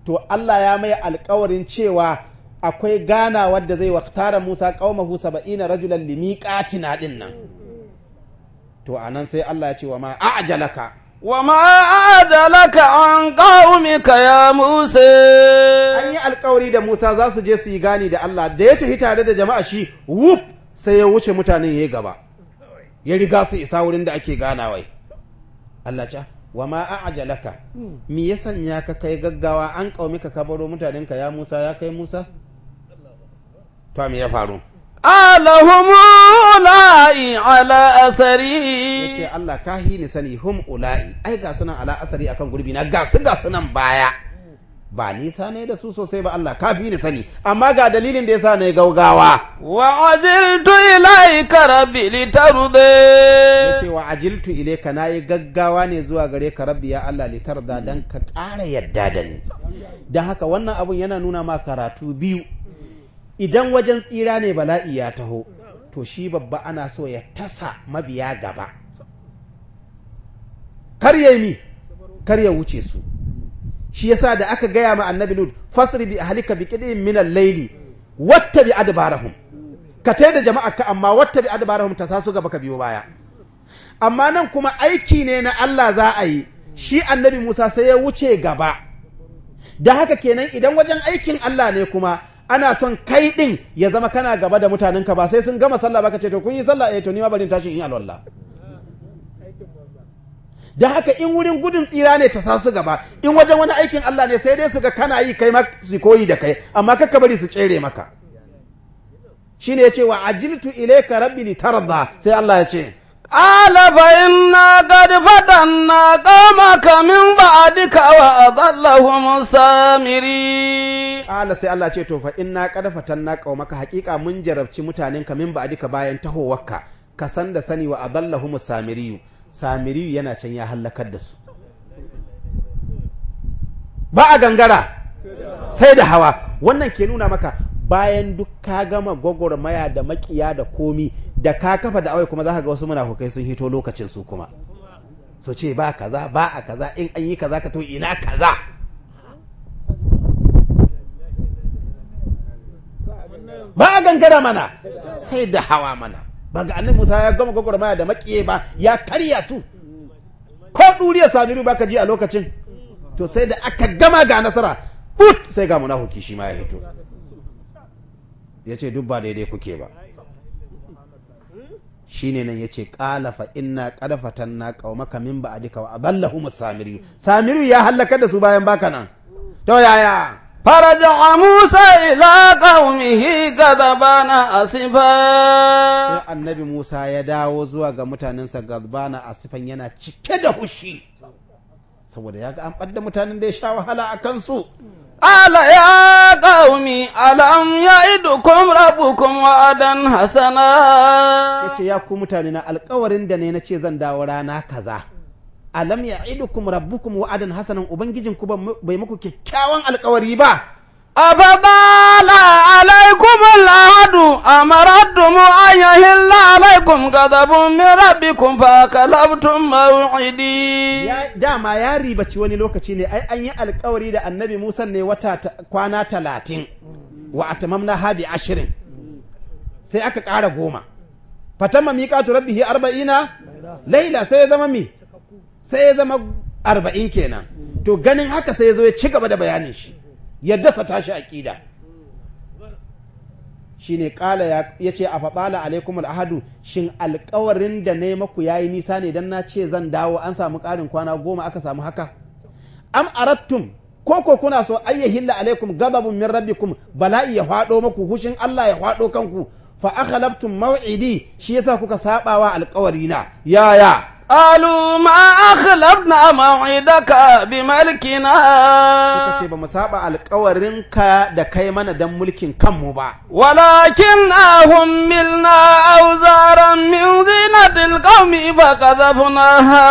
to Allah ya mai alkawarin cewa akwai gana wadda zai waktara Musa qaumahu saba'ina rajulan limiqatina din nan to a nan sai Allah ya ce wa ma ajalaka wa ma ajalaka an qaumika ya Musa an yi alkawari da Musa za su je su yi gani da Allah da ya tafi tare da jama'a shi wuf sai ya wuce mutanen yayi gaba ya riga su isa wurin da ake gana wai. Allah ce wa ma ajalaka hmm. me ya sanya ka kai gaggawa an kaumika ka baro mutanenka ya Musa ya kai Musa to me ya faru alahum ulai ala asari yake Allah ka hini sani hum ulai ai ga sunan ala asari akan gurbi na ga su ga sunan baya ba nisa ne da su sosai ba Allah ka bi ni sani amma ga dalilin da yasa ne gaugawa wa ajiltu ilayka rabbi litarda yace wa ajiltu ilayka nayi gaggawa ne zuwa gare ka rabbi ya Allah litarda dan ka ƙara yadda da ni dan haka wannan abun yana nuna ma karatu biyu idan wajen tsira ne bala'i ya taho to shi babba ana so ya tasa mabiya gaba kar ya mi kar wuce su shi yasa da aka gaya ma annabi lud fasri bi ahlika bi qidin min al-layli bi adbarahum ka tai da jama'a ka amma bi adbarahum ta sasu gaba ka biyo baya amma nan kuma aiki ne na Allah za a yi shi annabi Musa sai ya wuce gaba da haka kenan idan wajen aikin Allah ne kuma ana son kai din ya zama kana gaba da mutanenka ba sai sun gama sallah baka ce to kun yi sallah eh to ni ma bari tashin in alwala da haka in wurin gudun tsira ne ta sasu gaba in wajen wani aikin Allah ne sai dai su ga kana yi kai ma su koyi da kai amma kakka bari su tsere maka shine ya ce wa ajiltu ilayka rabbi litarda sai Allah ya ce na قال فإنا قد فتنا wa من بعدك وأضلهم samiri. ala sai Allah ce to fa inna na fatanna maka hakika mun jarabci mutanen ba min duka bayan tahowarka ka san da sani wa adallahum samiriyu samiriyu yana can ya hallakar da su ba a gangara sai da hawa wannan ke nuna maka bayan duk ka gama gwagwarmaya da makiya da komi da ka kafa da awai kuma za ka ga wasu munafukai sun hito lokacin su kuma su ce ba kaza ba a kaza in an yi kaza ka to ina kaza ba a gangara mana sai da hawa mana ba ga annabi Musa ya gama gwagwarmaya da makiye ba ya karya su ko duriya samiru ba ka ji a lokacin to sai da aka gama ga nasara but sai ga munafuki shi ma ya hito ya ce duk ba daidai kuke ba Shi ne nan yace qala fa inna qad fatanna qaumaka min ba'dika wa adallahum samiri samiri ya halaka da su bayan baka nan to yaya فرجع موسى إلى قومه غضبان annabi Musa ya dawo zuwa ga mutanensa a asifan yana cike da hushi saboda ya ga an ɓadda mutanen da ya sha wahala a kansu قال يا قوم ألم يعدكم ربكم وعدا حسنا yace ya ku mutane na alƙawarin da ne na ce zan dawo rana kaza alam ya'idukum rabbukum wa'adan hasanan ku bai muku kyakkyawan alƙawari ba أفضل عليكم الأحد أم أردتم أن يهل عليكم غضب من ربكم فأكلفتم موعدي داما يا ريبة wani lokaci ne ai an yi alkawari da annabi Musa ne wata kwana talatin wa na habi ashirin sai aka ƙara goma fatamma miƙatu rabbihi arba'ina laila sai ya zama mi sai ya zama arba'in kenan to ganin haka sai ya zo ya ci gaba da bayanin shi ya dasa tashi aƙida shine kala ya ce a faɗala alaikum al'ahadu shin alƙawarin da na yi maku ya yi nisa ne dan na ce zan dawo an samu ƙarin kwana goma aka samu haka am arattum ko ko kuna so ayyahilla alaikum ghadabun min rabbikum bala'i ya faɗo maku hushin Allah ya faɗo kanku fa akhlaftum maw'idi shi yasa kuka wa alƙawarina. yaya قالوا ما أخلفنا موعدك بملكنا kace ba mu saba ka da kai mana dan mulkin kanmu ba walakin ahum milna awzaran min zinatil qawmi fa qadhabnaha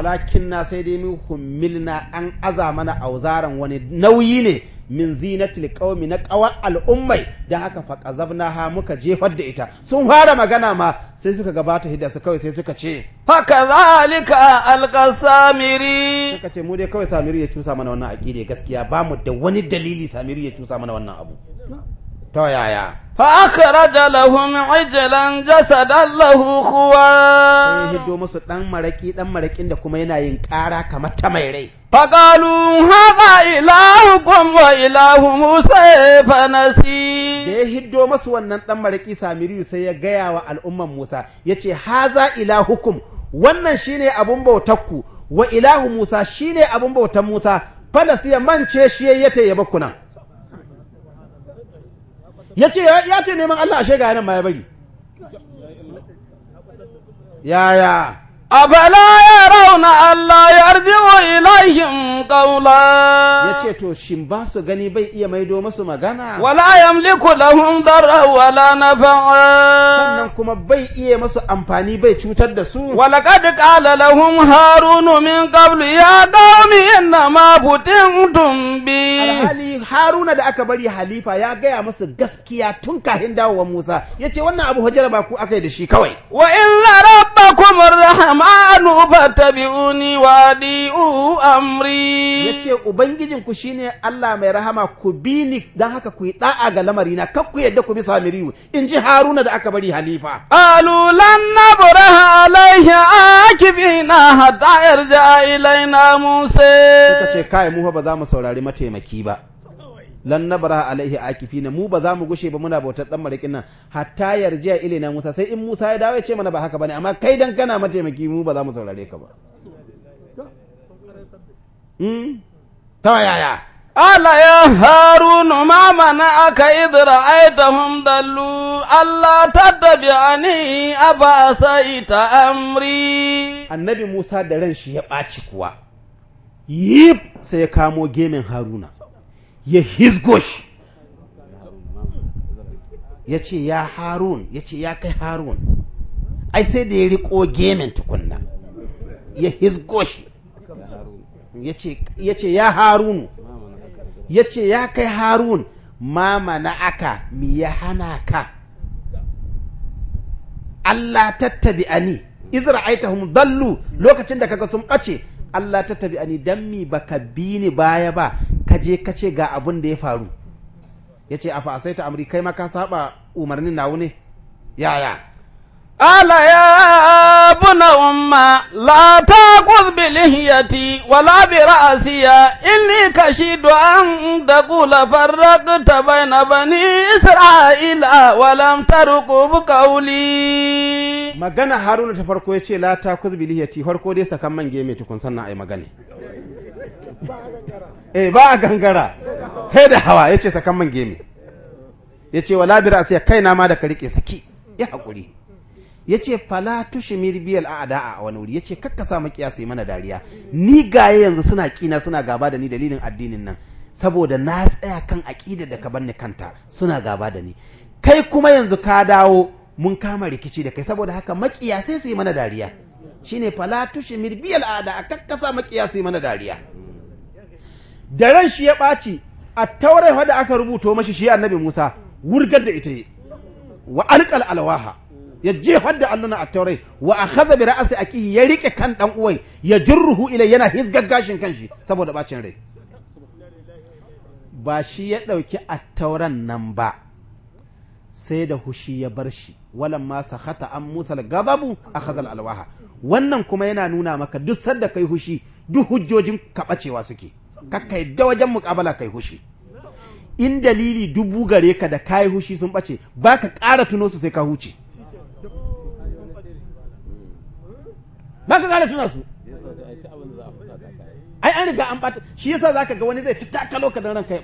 walakin na sai dai mu humilna an aza mana awzaran wani nauyi ne min zinatil qaumi na qawar al'ummai da haka fa qazabna ha muka jefar da ita sun fara magana ma sai suka gabata hidda su kawai sai suka ce fa kadhalika alqasamiri suka ce mu dai kawai samiri ya cusa mana wannan aqide gaskiya ba mu da wani dalili samiri ya cusa mana wannan abu to yaya fa akhraja lahum ajlan jasadan lahu khuwa sai hiddo musu dan maraki dan marakin da kuma yana yin ƙara kamar ta mai rai faqalu hadha ilahukum wa ilahu musa fanasi da ya hiddo masu wannan ɗan maraki samiriyu sai ya gaya wa al'umman musa yace haza ilahukum wannan shine abun bautakku wa ilahu musa shine abun bautan musa nasi ya mance shi yayyata ya bakuna ya ce ya ce neman Allah a shega nan ma ya bari yaya أفلا يرون ألا يرجع إليهم قولا yace to shin ba su gani bai iya maido masu magana wala yamliku lahum darra wala nafa'a sannan kuma bai iya masu amfani bai cutar da su wala qad qala lahum ya qaumi inna ma futintum alhali haruna da aka bari halifa ya gaya masu gaskiya tun kahin dawowa Musa yace wannan abu hajjara ba ku akai da shi kawai wa illa rabb يرحمكم الرحمن فاتبعوني amri. امري yace ubangijin ku shine Allah mai rahama ku bi ni dan haka ku yi da'a ga lamari na kakku yadda ku bi samiriyu in ji Haruna da aka bari halifa alulan lan nabraha alayhi akibina hatta yarja ilaina Musa kace kai mu ba za mu saurari mataimaki ba lan bara alaihi akifina mu ba za mu gushe ba muna bautar dan marikin nan hatta yarjiya na Musa sai in Musa ya dawo ya ce mana ba haka bane amma kai dan kana mataimaki mu ba za mu saurare ka ba hmm? ta yaya Allah ya Harun ma mana aka idra hum dallu Allah tattabi'ani aba saita amri Annabi Musa da ran shi ya ɓaci kuwa yib sai ya kamo gemin Haruna ya hizgo shi ya ce ya harun ya ce ya kai harun ai sai da ya riko gemin tukunna ya hizgo shi ya ce ya Harun ya ce ya kai harun mama na aka mi ya hana ka Allah tattabi ani izra'aitahum dallu lokacin da kaga sun ɓace Allah ta tabi ani dan mi baka bi ni baya ba ka je ka ce ga abun da ya faru yace afa asaita amri kai ma ka saba umarnin nawu ne yaya قال يا ابن أم لا تأخذ بلحيتي ولا برأسي إني كشيد أن تقول فرقت بين بني إسرائيل ولم buka wuli. magana haruna ta farko ya ce la ta kuzbi lihiyati farko dai sakan man geme tukun sannan yi magana eh ba a gangara sai da hawa ya ce sakan man geme ya ce wala ma da ka rike saki ya haƙuri yace fala tushmir biyal a'da'a a wani wuri yace kakka sa makiya su mana dariya ni gaye yanzu suna kina suna gaba da ni dalilin addinin nan saboda na tsaya kan aƙida da ka banni kanta suna gaba da ni kai kuma yanzu ka dawo mun kama rikici da kai saboda haka makiya sai su yi mana dariya shine fala tushmir biyal a'da'a kakka sa makiya su yi mana dariya da ran shi ya ɓaci a taurai da aka rubuto mashi shi annabi Musa wurgar da ita yi wa alƙal alwaha ya jefar da alluna a taurai wa haza bi ra'asi a kihi ya rike kan ɗan uwai ya jurruhu ila yana hisgaggashin shi saboda bacin rai ba shi ya dauki attauran nan ba sai da hushi ya bar shi walan ma sakhata an musa al a akhadha alwaha wannan kuma yana nuna maka duk sadda kai hushi duk hujjojin kabacewa suke kakka da wajen muƙabala kai hushi in dalili dubu gare ka da kayi hushi sun bace baka ƙara tuno su sai ka huce ba ka gane tuna su ai an riga an bata shi yasa zaka ga wani zai ci takalo ka dan ranka ya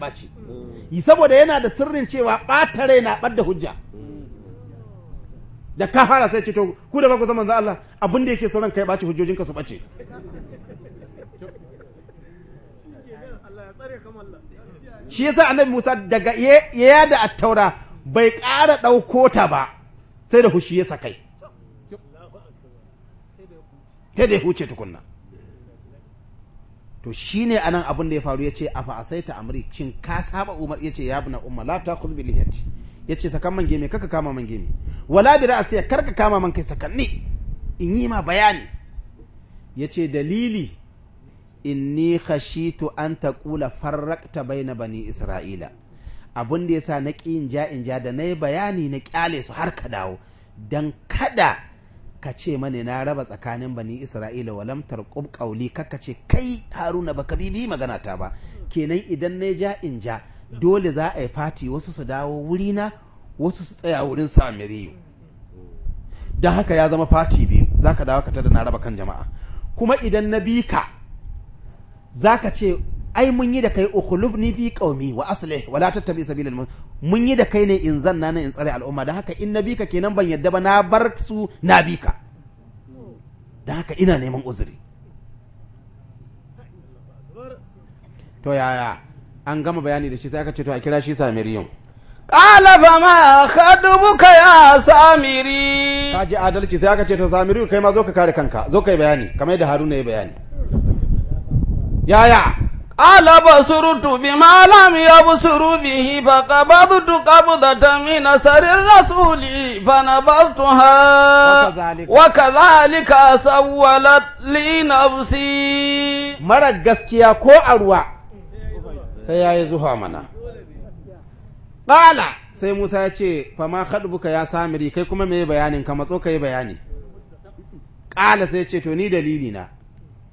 yi saboda yana da sirrin cewa bata rai na da hujja da ka fara sai ce to ku da ba ku zaman manzo Allah abin da yake sauran kai ɓaci hujjojinka su bace shi yasa annabi Musa daga ya da attaura bai ƙara ɗauko ta ba sai da hushi ya sakai ta da huce tukunna to shine anan abin da ya faru yace afa asaita amri shin ka saba umar yace ya ibn umma la takhudh yace sakan man geme kaka kama man geme wala bi ra'si karka kama man kai sakanni in yi ma bayani yace dalili inni khashitu an taqula farraqta na bani isra'ila abin da yasa na ƙi in ja in ja da nayi bayani na ƙyale su har ka dawo dan kada ka ce mani na raba tsakanin bani isra'ila wa lamtar tarqub kaka ce kai haruna baka bibi magana ta ba kenan idan na ja in ja dole za a yi fati wasu su dawo wurina wasu su tsaya wurin samiriyu don haka ya zama fati biyu zaka dawo ka tada na raba kan jama'a kuma idan na bi ka ka ce ai mun yi da kai ukhlubni fi qaumi wa aslih wa la tattabi sabilal mun yi da kai ne in zanna ne in tsare al'umma dan haka in nabika kenan ban yadda ba na bar su nabika dan haka ina neman uzuri to yaya an gama bayani da shi sai aka ce to a kira shi yau. qala fa ma khadubuka ya samiri kaji adalci sai aka ce to samiri kai ma zo ka kare kanka zo kai bayani kamar yadda haruna ya bayani yaya ala ba suru tu bi ma ya bu suru bi hi ka ba tu tu da ta mi na sari rasu li ba na ba wa ka ka sa wala mara gaskiya ko a ruwa sai ya yi zuwa mana ƙala sai musa ya ce fa ma haɗu buka ya samiri kai kuma mai bayanin kama tsokai bayani ƙala sai ce to ni dalilina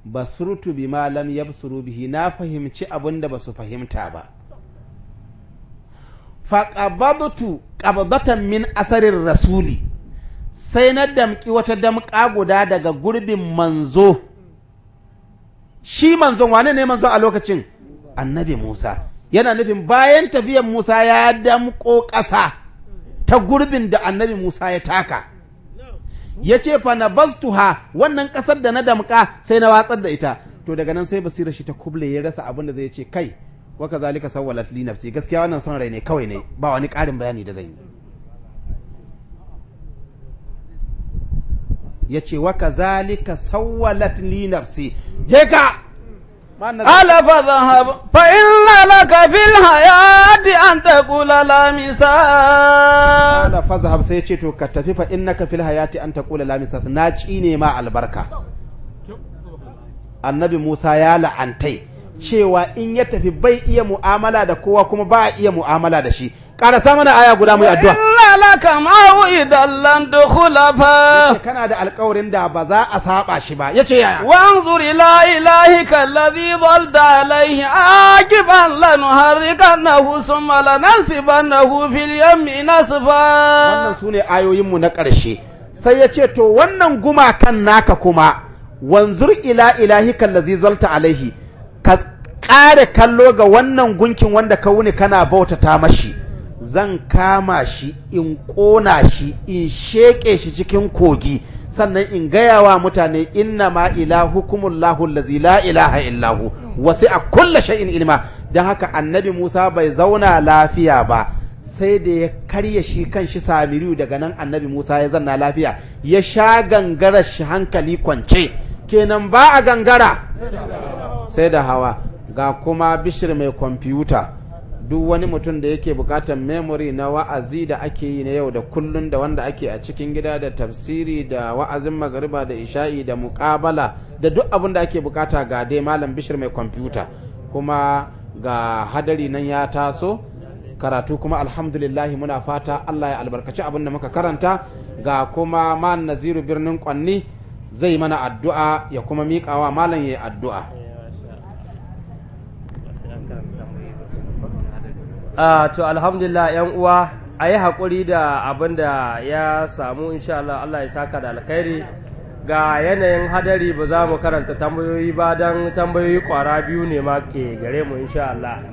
basurutu bi malam yabsuru bihi na fahimci abin da basu fahimta ba faqabadtu qabdatan min asarin rasuli sai na damƙi wata damƙa guda daga gurbin manzo shi manzon wane ne manzon a lokacin annabi Musa yana nufin bayan tafiyan Musa ya damƙo ƙasa ta gurbin da annabi Musa ya taka ya ce fa na baztuha wannan ƙasar da na damƙa sai na watsar da ita to daga nan sai basira shi ta kuble ya rasa abin da zai ce kai wa ka zalika sawwalat li nafsi gaskiya wannan son rai ne kawai ne ba wani ƙarin bayani da zan yi ya ce wa ka zalika sawwalat li nafsi je ka قال فذهب فإن لك في الحياة أن تقول لا مساس قال فذهب سيشيتو كتفي فإنك في الحياة أن تقول لا مساس ناجيني ما البركة annabi Musa ya la'antai cewa in ya tafi bai iya mu'amala da kowa kuma ba a iya mu'amala da shi karasa mana aya guda mai addu'a lalaka ma'u'idan lam dukhulafa kana da alƙawarin da ba za a saba shi ba yace yaya wanzur ila ilahi kallazi dhalda alaihi aqiban lan harriqanahu summa na fil yammi nasfa wannan sune ayoyin mu na ƙarshe sai ya ce to wannan gumakan naka kuma wanzur ila ilahi kallazi zalta alaihi ka ƙara kallo ga wannan gunkin wanda ka wuni kana bautata mashi zan kama shi in ƙona shi in sheƙe shi cikin kogi sannan in gaya wa mutane inna ma ilahukumullahu lazi la ilaha illahu wasu a kulla sha'in ilma don haka annabi Musa bai zauna lafiya ba sai da ya karya shi kan shi samiriyu daga nan annabi Musa ya zanna lafiya ya sha gangarar shi hankali kwance kenan ba a gangara sai da hawa ga kuma bishir mai kwamfuta duk wani mutum da yake bukatar memory na wa'azi da ake yi na yau da kullun da wanda ake a cikin gida da tafsiri da wa'azin magariba da isha'i da mukabala da duk abin da ake bukata ga dai malam bishir mai kwamfuta kuma ga hadari nan ya taso karatu kuma alhamdulillahi muna fata allah ya albarkaci abin da muka karanta ga kuma man naziru birnin kwanni zai mana addu'a ya kuma miƙawa malam ya yi addu'a a ah, to alhamdulillah yan uwa a yi haƙuri da abin da ya samu insha Allah Allah ya saka da alkhairi ga yanayin hadari ba za mu karanta tambayoyi ba don tambayoyi ƙwara biyu ne ma ke gare mu insha Allah